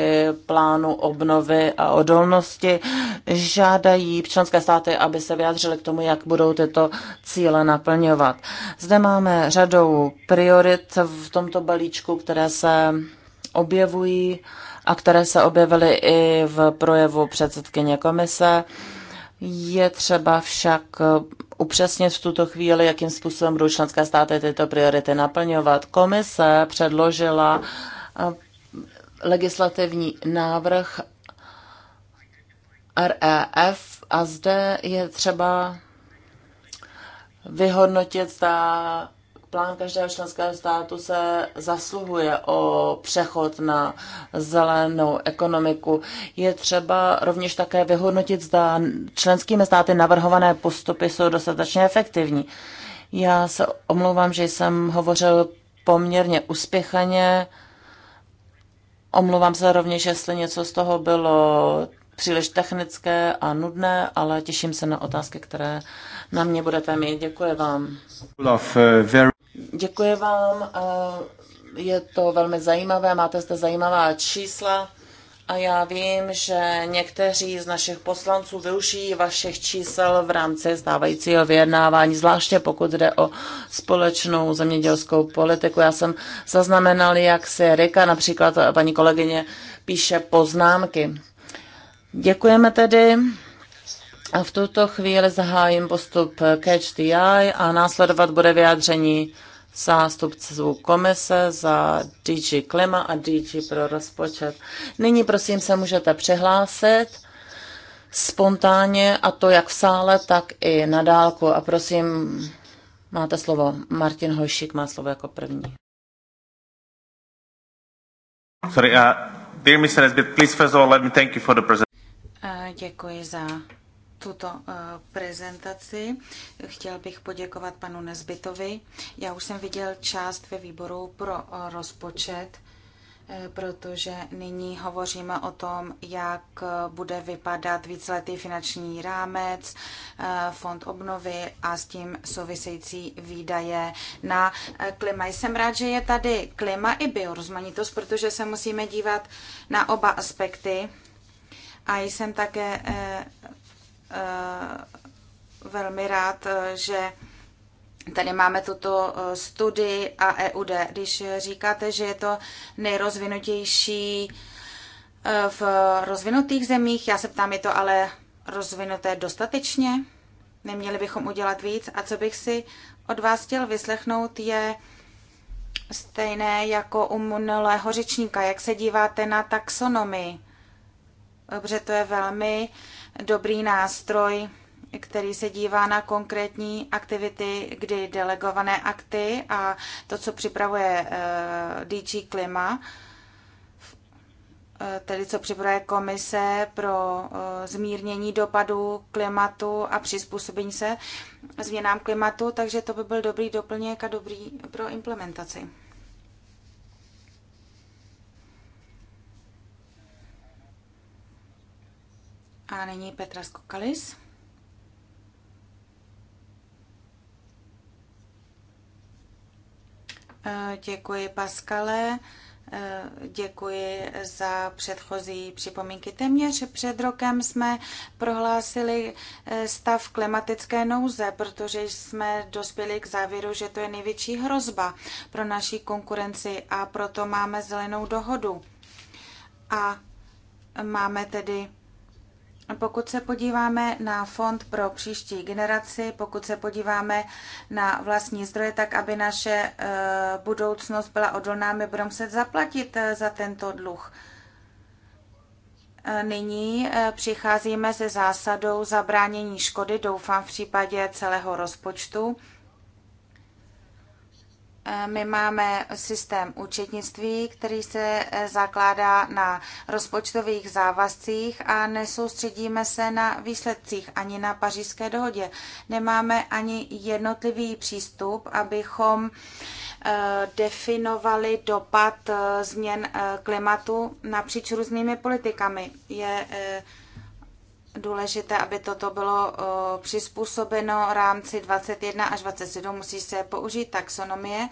plánu obnovy a odolnosti. Žádají členské státy, aby se vyjádřili k tomu, jak budou tyto cíle naplňovat. Zde máme řadou priorit v tomto balíčku, které se objevují a které se objevily i v projevu předsedkyně komise. Je třeba však upřesnit v tuto chvíli, jakým způsobem budou členské státy tyto priority naplňovat. Komise předložila eh, legislativní návrh REF a zde je třeba vyhodnotit, zda plán každého členského státu se zasluhuje o přechod na zelenou ekonomiku. Je třeba rovněž také vyhodnotit, zda členskými státy navrhované postupy jsou dostatečně efektivní. Já se omlouvám, že jsem hovořil poměrně uspěchaně. Omlouvám se rovněž, jestli něco z toho bylo příliš technické a nudné, ale těším se na otázky, které na mě budete mít. Děkuji vám. Děkuji vám, je to velmi zajímavé, máte zde zajímavá čísla a já vím, že někteří z našich poslanců využijí vašich čísel v rámci stávajícího vyjednávání, zvláště pokud jde o společnou zemědělskou politiku. Já jsem zaznamenal, jak se Rika, například paní kolegyně, píše poznámky. Děkujeme tedy. A v tuto chvíli zahájím postup Catch the Eye a následovat bude vyjádření zástupců komise za DG Klima a DG pro rozpočet. Nyní prosím se můžete přihlásit spontánně a to jak v sále, tak i na dálku. A prosím, máte slovo. Martin Hojšík má slovo jako první. Sorry, uh, dear Mr. Nesbitt, please first of all let me thank you for the presentation. Uh, děkuji za tuto eh, prezentaci. Chtěl bych poděkovat panu Nezbytovi. Já už jsem viděl část ve výboru pro eh, rozpočet, eh, protože nyní hovoříme o tom, jak bude vypadat víceletý finanční rámec, fond obnovy a s tím související výdaje na klima. Jsem rád, že je tady klima i biorozmanitost, protože se musíme dívat na oba aspekty. A jsem také Eh, velmi rád, eh, že Tady máme tuto eh, studii a EUD. Když říkáte, že je to nejrozvinutější v rozvinutých zemích, já se ptám, je to ale rozvinuté dostatečně? Neměli bychom udělat víc? A co bych si od vás chtěl vyslechnout, je stejné jako u minulého řečníka. Jak se díváte na taxonomii? Dobře, to je velmi uh, dobrý nástroj, který se dívá na konkrétní aktivity, kdy delegované akty a to, co připravuje eh, DG Klima, eh, tedy co připravuje komise pro eh, zmírnění dopadu klimatu a přizpůsobení se změnám klimatu, takže to by byl dobrý doplněk a dobrý pro implementaci. A nyní Petra Skokalis. Eh, děkuji, Paskale. Eh, děkuji za předchozí připomínky. Téměř před rokem jsme prohlásili eh, stav klimatické nouze, protože jsme dospěli k závěru, že to je největší hrozba pro naší konkurenci a proto máme zelenou dohodu. A máme tedy pokud se podíváme na fond pro příští generaci, pokud se podíváme na vlastní zdroje, tak aby naše eh, budoucnost byla odolná, my budeme muset zaplatit eh, za tento dluh. Eh, nyní přicházíme se zásadou zabránění škody, doufám v případě celého rozpočtu. My máme systém účetnictví, který se eh, zakládá na rozpočtových závazcích a nesoustředíme se na výsledcích ani na pařížské dohodě. Nemáme ani jednotlivý přístup, abychom eh, definovali dopad eh, změn klimatu napříč různými politikami. Je důležité, aby toto bylo přizpůsobeno rámci 21 až 27. Musí se použít taxonomie,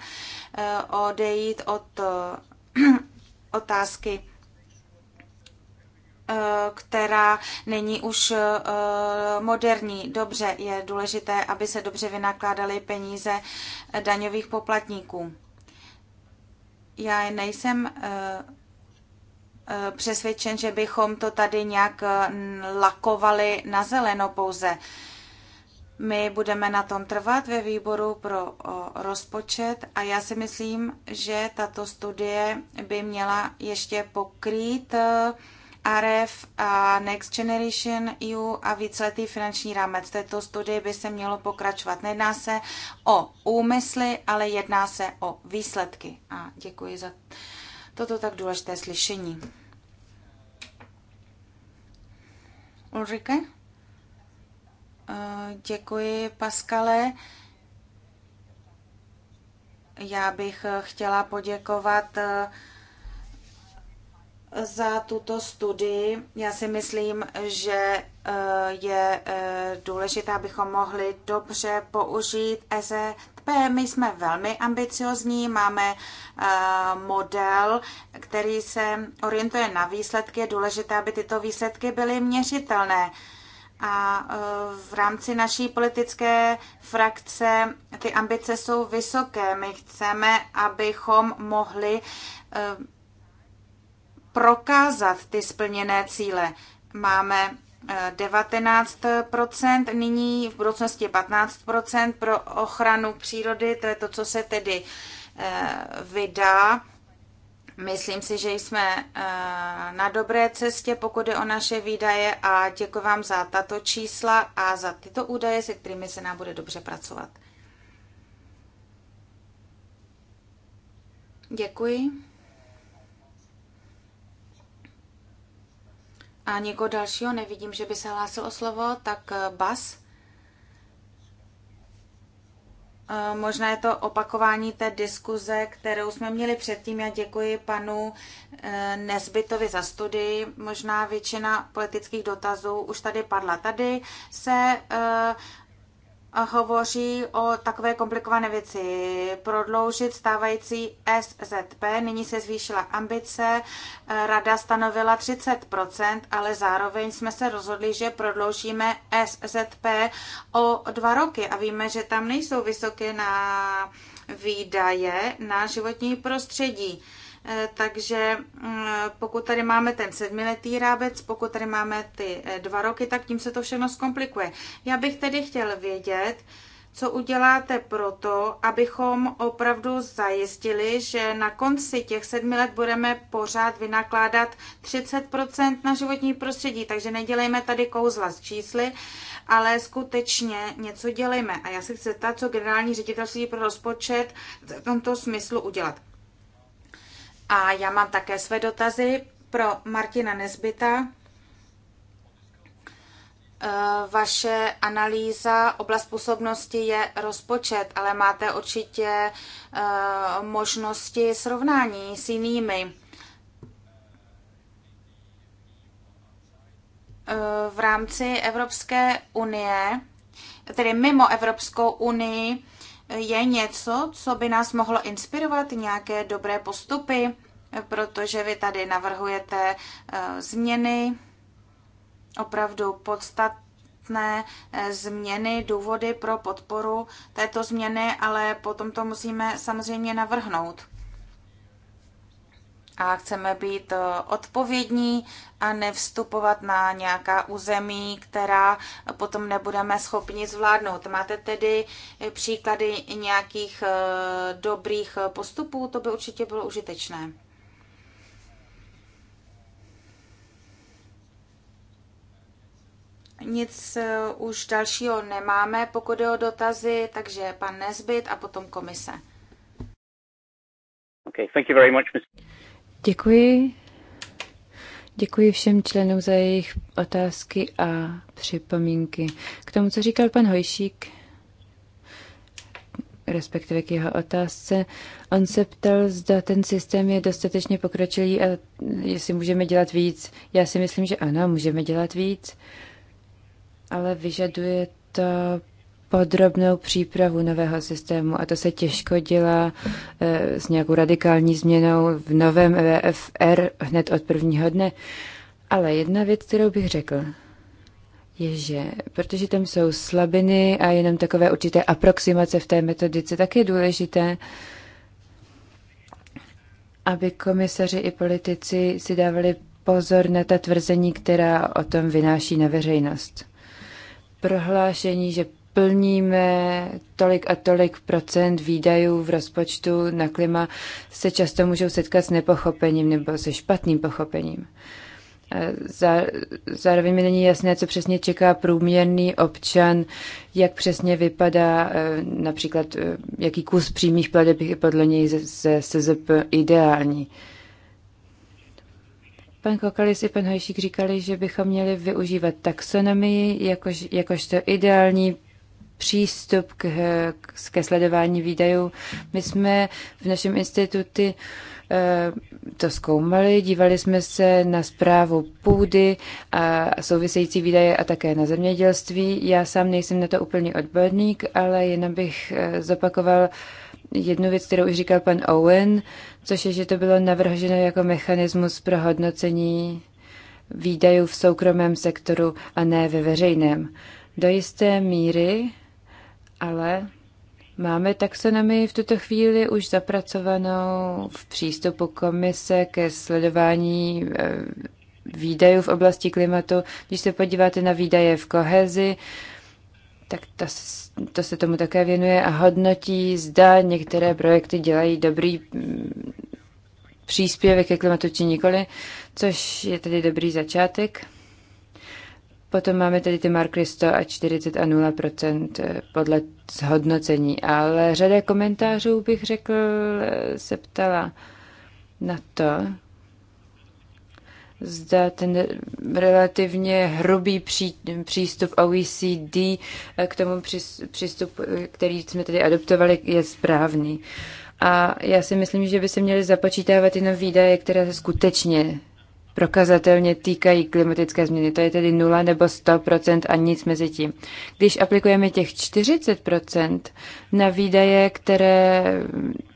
e, odejít od e, otázky e, která není už moderní. Dobře, je důležité, aby se dobře vynakládaly peníze daňových poplatníků. Já nejsem Eh, přesvědčen, že bychom to tady nějak eh, lakovali na zeleno pouze. My budeme na tom trvat ve výboru pro rozpočet a já si myslím, že tato studie by měla ještě pokrýt eh, RF a Next Generation EU a víceletý finanční rámec. Této studii by se mělo pokračovat. Nejedná se o úmysly, ale jedná se o výsledky. A děkuji za toto tak důležité slyšení. Ulrike? Eh, děkuji, Paskale. Já bych chtěla poděkovat eh, za tuto studii. Já si myslím, že eh, je důležité, abychom mohli dobře použít EZT my jsme velmi ambiciozní, máme eh, model, který se orientuje na výsledky. Je důležité, aby tyto výsledky byly měřitelné. A eh, v rámci naší politické frakce ty ambice jsou vysoké. My chceme, abychom mohli eh, prokázat ty splněné cíle. Máme 19%, nyní v budoucnosti 15% pro ochranu přírody, to je to, co se tedy eh, vydá. Myslím si, že jsme eh, na dobré cestě, pokud je o naše výdaje a děkuji vám za tato čísla a za tyto údaje, se kterými se nám bude dobře pracovat. Děkuji. a někoho dalšího nevidím, že by se hlásil o slovo, tak eh, Bas. Eh, možná je to opakování té diskuze, kterou jsme měli předtím. Já děkuji panu eh, Nezbytovi za studii. Možná většina politických dotazů už tady padla. Tady se hovoří o takové komplikované věci. Prodloužit stávající SZP, nyní se zvýšila ambice, rada stanovila 30%, ale zároveň jsme se rozhodli, že prodloužíme SZP o dva roky a víme, že tam nejsou vysoké na výdaje na životní prostředí. Eh, takže mm, pokud tady máme ten sedmiletý rábec, pokud tady máme ty eh, dva roky, tak tím se to všechno zkomplikuje. Já bych tedy chtěl vědět, co uděláte pro to, abychom opravdu zajistili, že na konci těch sedmi let budeme pořád vynakládat 30% na životní prostředí. Takže nedělejme tady kouzla s čísly, ale skutečně něco dělejme. A já se chci zeptat, co generální ředitelství pro rozpočet v tomto smyslu udělat. A já mám také své dotazy pro Martina Nezbyta. Eh, vaše analýza, oblast působnosti je rozpočet, ale máte určitě eh, možnosti srovnání s jinými. Eh, v rámci Evropské unie, tedy mimo Evropskou unii, je něco, co by nás mohlo inspirovat, nějaké dobré postupy, protože vy tady navrhujete eh, změny, opravdu podstatné eh, změny, důvody pro podporu této změny, ale potom to musíme samozřejmě navrhnout a chceme být eh, odpovědní a nevstupovat na nějaká území, která potom nebudeme schopni zvládnout. Máte tedy eh, příklady nějakých eh, dobrých postupů? To by určitě bylo užitečné. Nic už dalšího nemáme, pokud je o dotazy, takže pan Nezbyt a potom komise. Okay, thank you very much, Ms. Děkuji. Děkuji všem členům za jejich otázky a připomínky. K tomu, co říkal pan Hojšík, respektive k jeho otázce, on se ptal, zda ten systém je dostatečně pokročilý a jestli můžeme dělat víc. Já si myslím, že ano, můžeme dělat víc, ale vyžaduje to podrobnou přípravu nového systému a to se těžko dělá eh, s nějakou radikální změnou v novém VFR hned od prvního dne. Ale jedna věc, kterou bych řekl, je, že protože tam jsou slabiny a jenom takové určité aproximace v té metodice, tak je důležité, aby komisaři i politici si dávali pozor na ta tvrzení, která o tom vynáší na veřejnost. Prohlášení, že plníme tolik a tolik procent výdajů v rozpočtu na klima, se často můžou setkat s nepochopením nebo se špatným pochopením. zároveň mi není jasné, co přesně čeká průměrný občan, jak přesně vypadá e, například, e, jaký kus přímých pladeb je podle něj ze SZP ideální. Pan Kokalis i pan Hajšík říkali, že bychom měli využívat taxonomii jakož, jakožto ideální přístup k, ke sledování výdajů. My jsme v našem institutu eh, to zkoumali, dívali jsme se na zprávu půdy a související výdaje a také na zemědělství. Já sám nejsem na to úplný odborník, ale jenom bych eh, zopakoval jednu věc, kterou už říkal pan Owen, což je, že to bylo navrženo jako mechanismus pro hodnocení výdajů v soukromém sektoru a ne ve veřejném. Do jisté míry ale máme taxonomii v tuto chvíli už zapracovanou v přístupu komise ke sledování eh, výdajů v oblasti klimatu. Když se podíváte na výdaje v kohezi, tak to, to se tomu také věnuje a hodnotí, zda některé projekty dělají dobrý mm, příspěvek ke klimatu či nikoli, což je tedy dobrý začátek. Potom máme tady ty marky 100 a 40 a 0 eh, podle zhodnocení. Ale řada komentářů bych řekl, eh, se ptala na to, zda ten relativně hrubý pří, přístup OECD eh, k tomu přístup, který jsme tady adoptovali, je správný. A já si myslím, že by se měly započítávat jenom výdaje, které skutečně prokazatelně týkají klimatické změny. To je tedy 0 nebo 100% a nic mezi tím. Když aplikujeme těch 40% na výdaje, které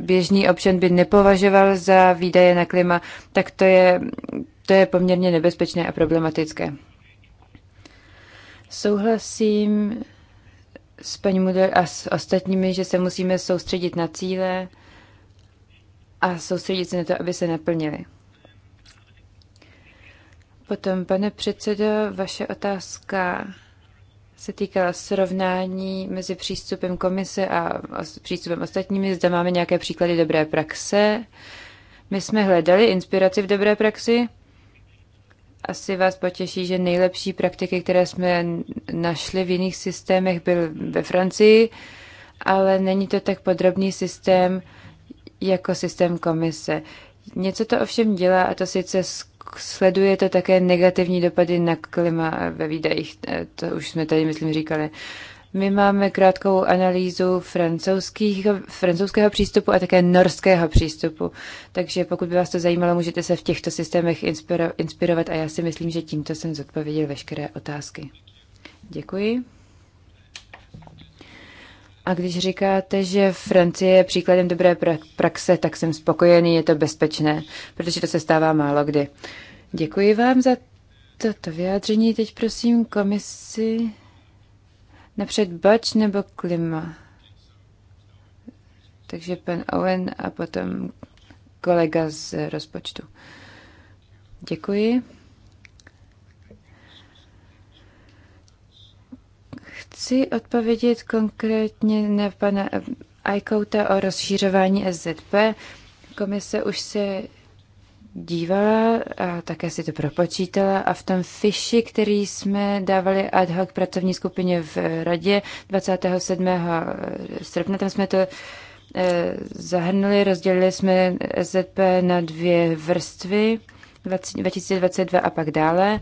běžný občan by nepovažoval za výdaje na klima, tak to je, to je poměrně nebezpečné a problematické. Souhlasím s paní Mudel a s ostatními, že se musíme soustředit na cíle a soustředit se na to, aby se naplnily. Potom, pane předsedo, vaše otázka se týkala srovnání mezi přístupem komise a přístupem ostatními. Zda máme nějaké příklady dobré praxe. My jsme hledali inspiraci v dobré praxi. Asi vás potěší, že nejlepší praktiky, které jsme našli v jiných systémech, byl ve Francii, ale není to tak podrobný systém jako systém komise. Něco to ovšem dělá, a to sice sledujete také negativní dopady na klima ve výdajích. Eh, to už jsme tady, myslím, říkali. My máme krátkou analýzu francouzských, francouzského přístupu a také norského přístupu. Takže pokud by vás to zajímalo, můžete se v těchto systémech inspiro, inspirovat a já si myslím, že tímto jsem zodpověděl veškeré otázky. Děkuji. A když říkáte, že Francie je příkladem dobré praxe, tak jsem spokojený, je to bezpečné, protože to se stává málo kdy. Děkuji vám za toto vyjádření. Teď prosím komisi napřed Bač nebo Klima. Takže pan Owen a potom kolega z rozpočtu. Děkuji. Chci odpovědět konkrétně na pana Aikouta o rozšířování SZP. Komise už se dívala a také si to propočítala a v tom fiši, který jsme dávali ad hoc pracovní skupině v radě 27. srpna, tam jsme to eh, zahrnuli, rozdělili jsme SZP na dvě vrstvy, 2022 a pak dále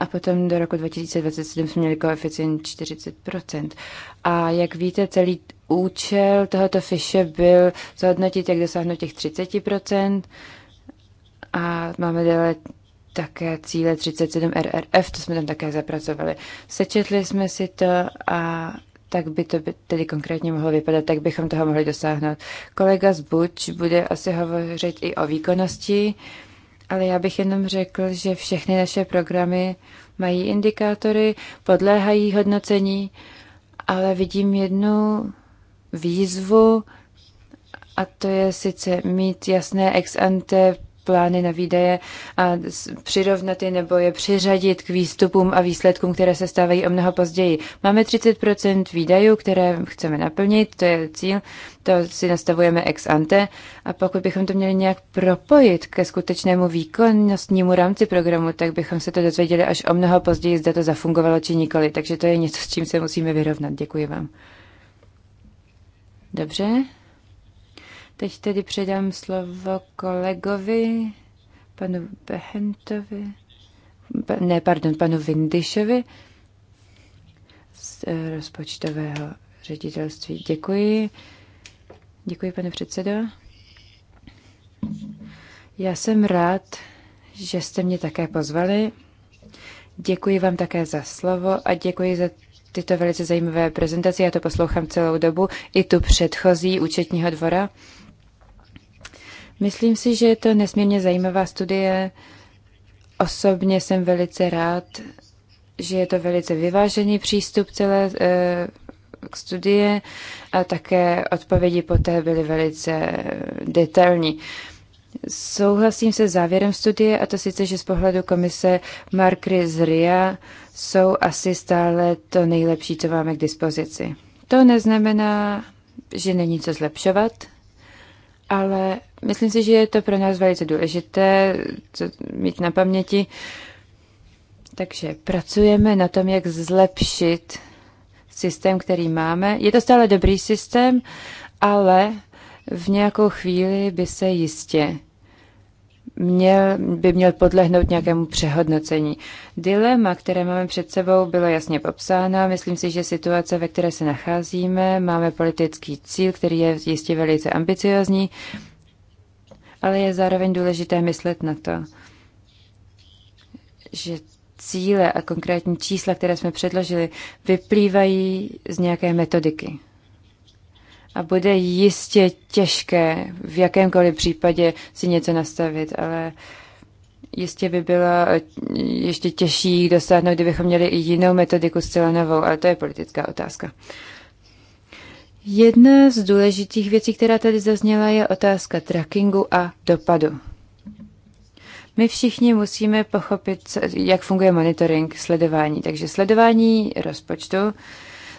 a potom do roku 2027 jsme měli koeficient 40%. A jak víte, celý účel tohoto fiše byl zhodnotit, jak dosáhnout těch 30%. A máme dále také cíle 37 RRF, to jsme tam také zapracovali. Sečetli jsme si to a tak by to by tedy konkrétně mohlo vypadat, tak bychom toho mohli dosáhnout. Kolega z Buč bude asi hovořit i o výkonnosti. Ale já bych jenom řekl, že všechny naše programy mají indikátory, podléhají hodnocení, ale vidím jednu výzvu, a to je sice mít jasné ex ante plány na výdaje a přirovnat je nebo je přiřadit k výstupům a výsledkům, které se stávají o mnoho později. Máme 30% výdajů, které chceme naplnit, to je cíl, to si nastavujeme ex ante a pokud bychom to měli nějak propojit ke skutečnému výkonnostnímu rámci programu, tak bychom se to dozvěděli až o mnoho později, zda to zafungovalo či nikoli. Takže to je něco, s čím se musíme vyrovnat. Děkuji vám. Dobře, Teď tedy předám slovo kolegovi, panu Behentovi, ne, pardon, panu Vindyšovi z eh, rozpočtového ředitelství. Děkuji. Děkuji, pane předsedo. Já jsem rád, že jste mě také pozvali. Děkuji vám také za slovo a děkuji za tyto velice zajímavé prezentace. Já to poslouchám celou dobu, i tu předchozí účetního dvora. Myslím si, že je to nesmírně zajímavá studie. Osobně jsem velice rád, že je to velice vyvážený přístup celé eh, k studie a také odpovědi poté byly velice detailní. Souhlasím se závěrem studie, a to sice, že z pohledu komise Markry z RIA jsou asi stále to nejlepší, co máme k dispozici. To neznamená, že není co zlepšovat, ale Myslím si, že je to pro nás velice důležité mít na paměti. Takže pracujeme na tom, jak zlepšit systém, který máme. Je to stále dobrý systém, ale v nějakou chvíli by se jistě měl, by měl podlehnout nějakému přehodnocení. Dilema, které máme před sebou, bylo jasně popsána. Myslím si, že situace, ve které se nacházíme, máme politický cíl, který je jistě velice ambiciozní, ale je zároveň důležité myslet na to, že cíle a konkrétní čísla, které jsme předložili, vyplývají z nějaké metodiky. A bude jistě těžké v jakémkoliv případě si něco nastavit, ale jistě by bylo ještě těžší dosáhnout, kdybychom měli i jinou metodiku zcela novou, ale to je politická otázka. Jedna z důležitých věcí, která tady zazněla, je otázka trackingu a dopadu. My všichni musíme pochopit, jak funguje monitoring sledování. Takže sledování rozpočtu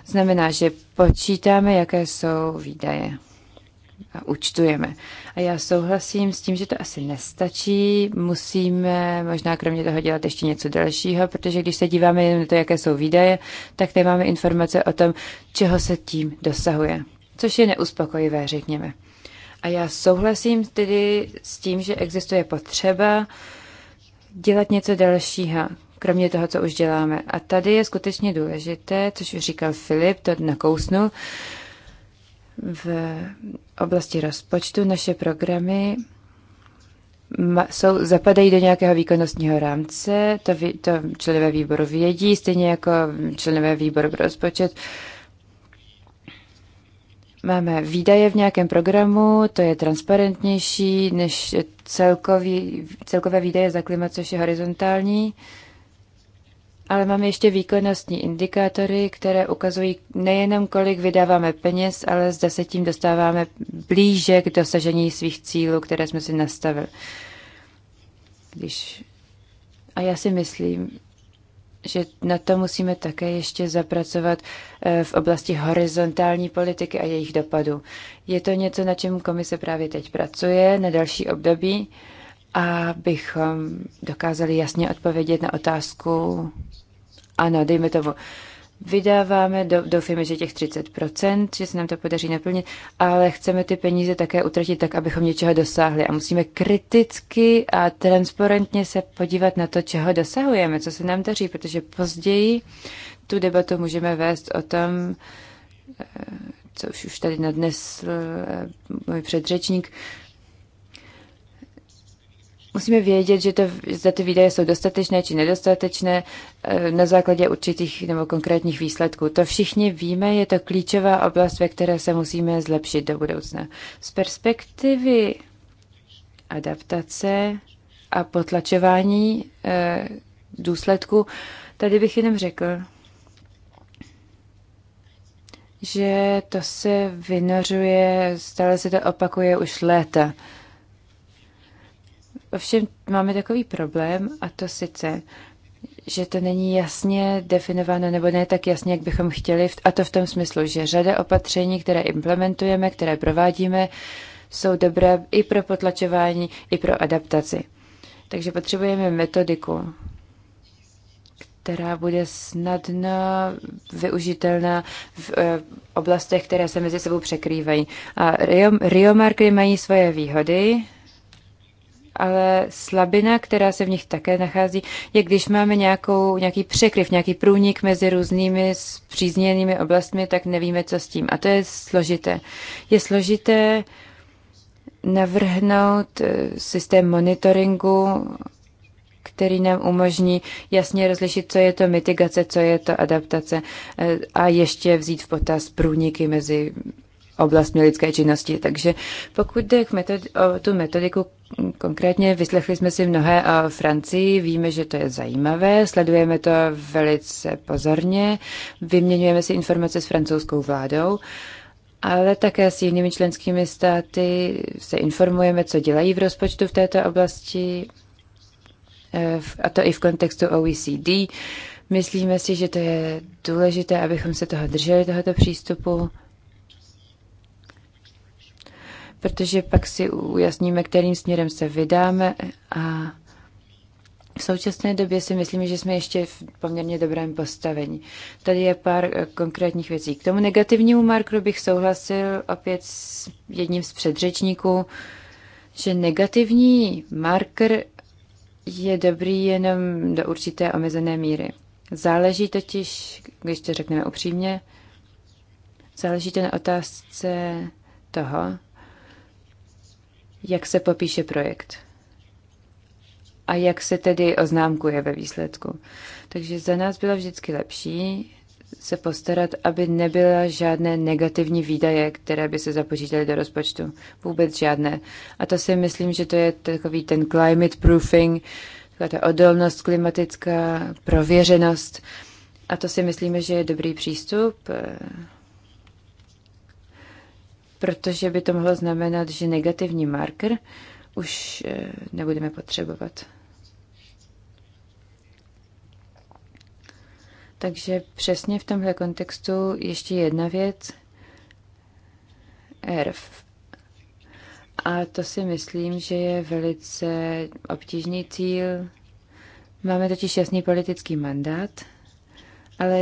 znamená, že počítáme, jaké jsou výdaje a účtujeme. A já souhlasím s tím, že to asi nestačí. Musíme možná kromě toho dělat ještě něco dalšího, protože když se díváme jen na to, jaké jsou výdaje, tak nemáme informace o tom, čeho se tím dosahuje. Což je neuspokojivé, řekněme. A já souhlasím tedy s tím, že existuje potřeba dělat něco dalšího, kromě toho, co už děláme. A tady je skutečně důležité, což už říkal Filip, to nakousnul, v oblasti rozpočtu naše programy jsou, zapadají do nějakého výkonnostního rámce, to, vy, to členové výboru vědí, stejně jako členové výboru pro rozpočet. Máme výdaje v nějakém programu, to je transparentnější než celkový, celkové výdaje za klima, což je horizontální. Uh, ale máme ještě výkonnostní indikátory, které ukazují nejenom, kolik vydáváme peněz, ale zda se tím dostáváme blíže k dosažení svých cílů, které jsme si nastavili. Když... A já si myslím, že na to musíme také ještě zapracovat eh, v oblasti horizontální politiky a jejich dopadů. Je to něco, na čem komise právě teď pracuje na další období, abychom dokázali jasně odpovědět na otázku, ano, dejme tomu, vydáváme, do, doufáme, že těch 30%, že se nám to podaří naplnit, ale chceme ty peníze také utratit tak, abychom něčeho dosáhli a musíme kriticky a transparentně se podívat na to, čeho dosahujeme, co se nám daří, protože později tu debatu můžeme vést o tom, eh, co už, už tady nadnesl eh, můj předřečník, musíme vědět, že to, zda ty výdaje jsou dostatečné či nedostatečné eh, na základě určitých nebo konkrétních výsledků. To všichni víme, je to klíčová oblast, ve které se musíme zlepšit do budoucna. Z perspektivy adaptace a potlačování eh, důsledku, tady bych jenom řekl, že to se vynořuje, stále se to opakuje už léta. Ovšem máme takový problém a to sice, že to není jasně definováno nebo ne tak jasně, jak bychom chtěli a to v tom smyslu, že řada opatření, které implementujeme, které provádíme, jsou dobré i pro potlačování, i pro adaptaci. Takže potřebujeme metodiku, která bude snadno využitelná v eh, oblastech, které se mezi sebou překrývají. A Rio, Rio mají svoje výhody, ale slabina, která se v nich také nachází, je když máme nějakou, nějaký překryv, nějaký průnik mezi různými zpřízněnými oblastmi, tak nevíme, co s tím. A to je složité. Je složité navrhnout eh, systém monitoringu, který nám umožní jasně rozlišit, co je to mitigace, co je to adaptace eh, a ještě vzít v potaz průniky mezi oblastmi lidské činnosti. Takže pokud jde k metod, o tu metodiku konkrétně, vyslechli jsme si mnohé o Francii, víme, že to je zajímavé, sledujeme to velice pozorně, vyměňujeme si informace s francouzskou vládou ale také s jinými členskými státy se informujeme, co dělají v rozpočtu v této oblasti, eh, a to i v kontextu OECD. Myslíme si, že to je důležité, abychom se toho drželi, tohoto přístupu protože pak si ujasníme, kterým směrem se vydáme a v současné době si myslím, že jsme ještě v poměrně dobrém postavení. Tady je pár eh, konkrétních věcí. K tomu negativnímu markru bych souhlasil opět s jedním z předřečníků, že negativní marker je dobrý jenom do určité omezené míry. Záleží totiž, když to řekneme upřímně, záleží to na otázce toho, jak se popíše projekt a jak se tedy oznámkuje ve výsledku. Takže za nás bylo vždycky lepší se postarat, aby nebyla žádné negativní výdaje, které by se započítaly do rozpočtu. Vůbec žádné. A to si myslím, že to je takový ten climate proofing, taková ta odolnost klimatická, prověřenost. A to si myslíme, že je dobrý přístup eh, protože by to mohlo znamenat, že negativní marker už eh, nebudeme potřebovat. Takže přesně v tomhle kontextu ještě jedna věc. ERF. A to si myslím, že je velice obtížný cíl. Máme totiž jasný politický mandát, ale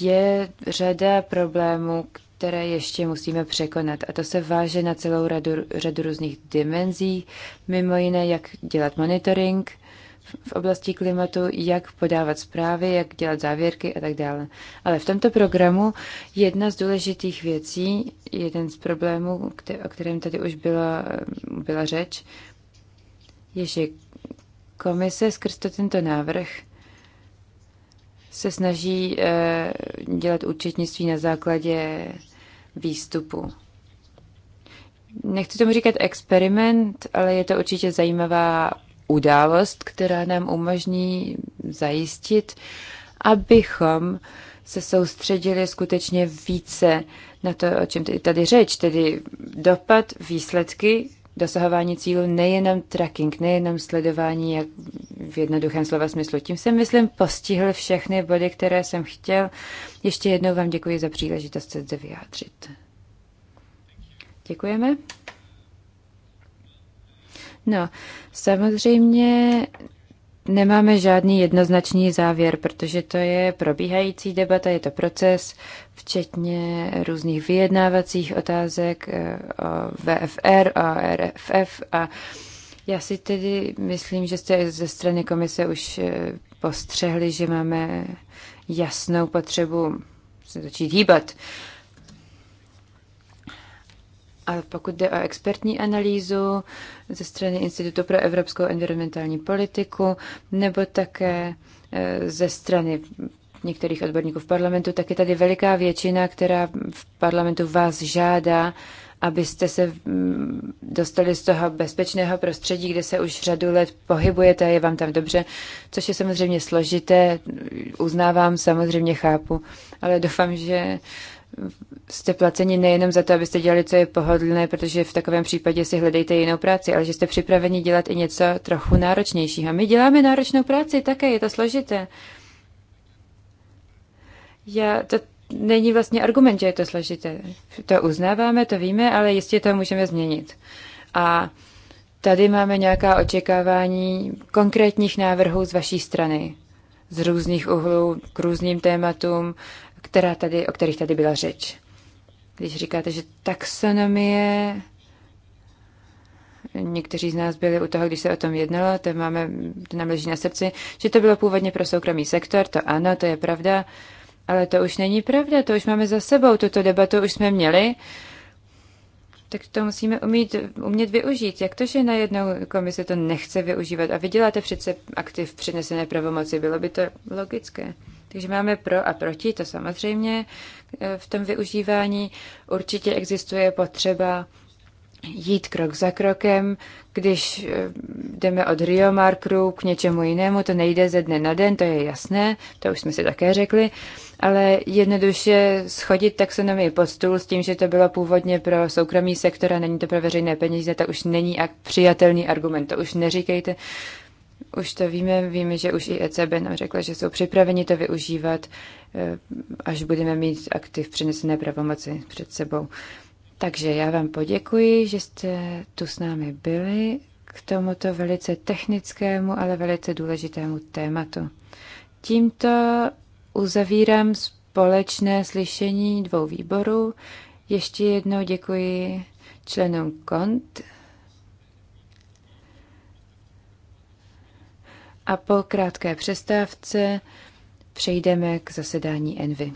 je řada problémů, které ještě musíme překonat. A to se váže na celou radu, řadu různých dimenzí, mimo jiné, jak dělat monitoring v oblasti klimatu, jak podávat zprávy, jak dělat závěrky a tak dále. Ale v tomto programu jedna z důležitých věcí, jeden z problémů, o kterém tady už byla, byla řeč, je, že komise skrz to tento návrh se snaží eh, dělat účetnictví na základě výstupu. Nechci tomu říkat experiment, ale je to určitě zajímavá událost, která nám umožní zajistit, abychom se soustředili skutečně více na to, o čem tady řeč, tedy dopad, výsledky dosahování cílu nejenom tracking, nejenom sledování, jak v jednoduchém slova smyslu. Tím jsem, myslím, postihl všechny body, které jsem chtěl. Ještě jednou vám děkuji za příležitost se zde vyjádřit. Děkujeme. No, samozřejmě Nemáme žádný jednoznačný závěr, protože to je probíhající debata, je to proces, včetně různých vyjednávacích otázek eh, o VFR, o RFF a já si tedy myslím, že jste ze strany komise už eh, postřehli, že máme jasnou potřebu se začít hýbat. Uh, a pokud jde o expertní analýzu ze strany Institutu pro evropskou environmentální politiku nebo také e, ze strany některých odborníků v parlamentu, tak je tady veliká většina, která v parlamentu vás žádá, abyste se dostali z toho bezpečného prostředí, kde se už řadu let pohybujete a je vám tam dobře, což je samozřejmě složité, uznávám, samozřejmě chápu, ale doufám, že jste placeni nejenom za to, abyste dělali, co je pohodlné, protože v takovém případě si hledejte jinou práci, ale že jste připraveni dělat i něco trochu náročnějšího. My děláme náročnou práci také, je to složité. Já, to není vlastně argument, že je to složité. To uznáváme, to víme, ale jistě to můžeme změnit. A tady máme nějaká očekávání konkrétních návrhů z vaší strany z různých uhlů k různým tématům která tady, o kterých tady byla řeč. Když říkáte, že taxonomie, někteří z nás byli u toho, když se o tom jednalo, to, máme, to nám leží na srdci, že to bylo původně pro soukromý sektor, to ano, to je pravda, ale to už není pravda, to už máme za sebou, tuto debatu už jsme měli tak to musíme umít, umět využít. Jak to, že najednou komise to nechce využívat a vyděláte přece aktiv přinesené pravomoci, bylo by to logické. Takže máme pro a proti, to samozřejmě eh, v tom využívání. Určitě existuje potřeba jít krok za krokem, když eh, jdeme od Rio Markru k něčemu jinému, to nejde ze dne na den, to je jasné, to už jsme si také řekli, ale jednoduše schodit taxonomii pod stůl s tím, že to bylo původně pro soukromý sektor a není to pro veřejné peníze, to už není přijatelný argument, to už neříkejte, už to víme, víme, že už i ECB nám řekla, že jsou připraveni to využívat, eh, až budeme mít aktiv přenesené pravomoci před sebou. Takže já vám poděkuji, že jste tu s námi byli k tomuto velice technickému, ale velice důležitému tématu. Tímto uzavírám společné slyšení dvou výborů. Ještě jednou děkuji členům KONT a po krátké přestávce přejdeme k zasedání ENVY.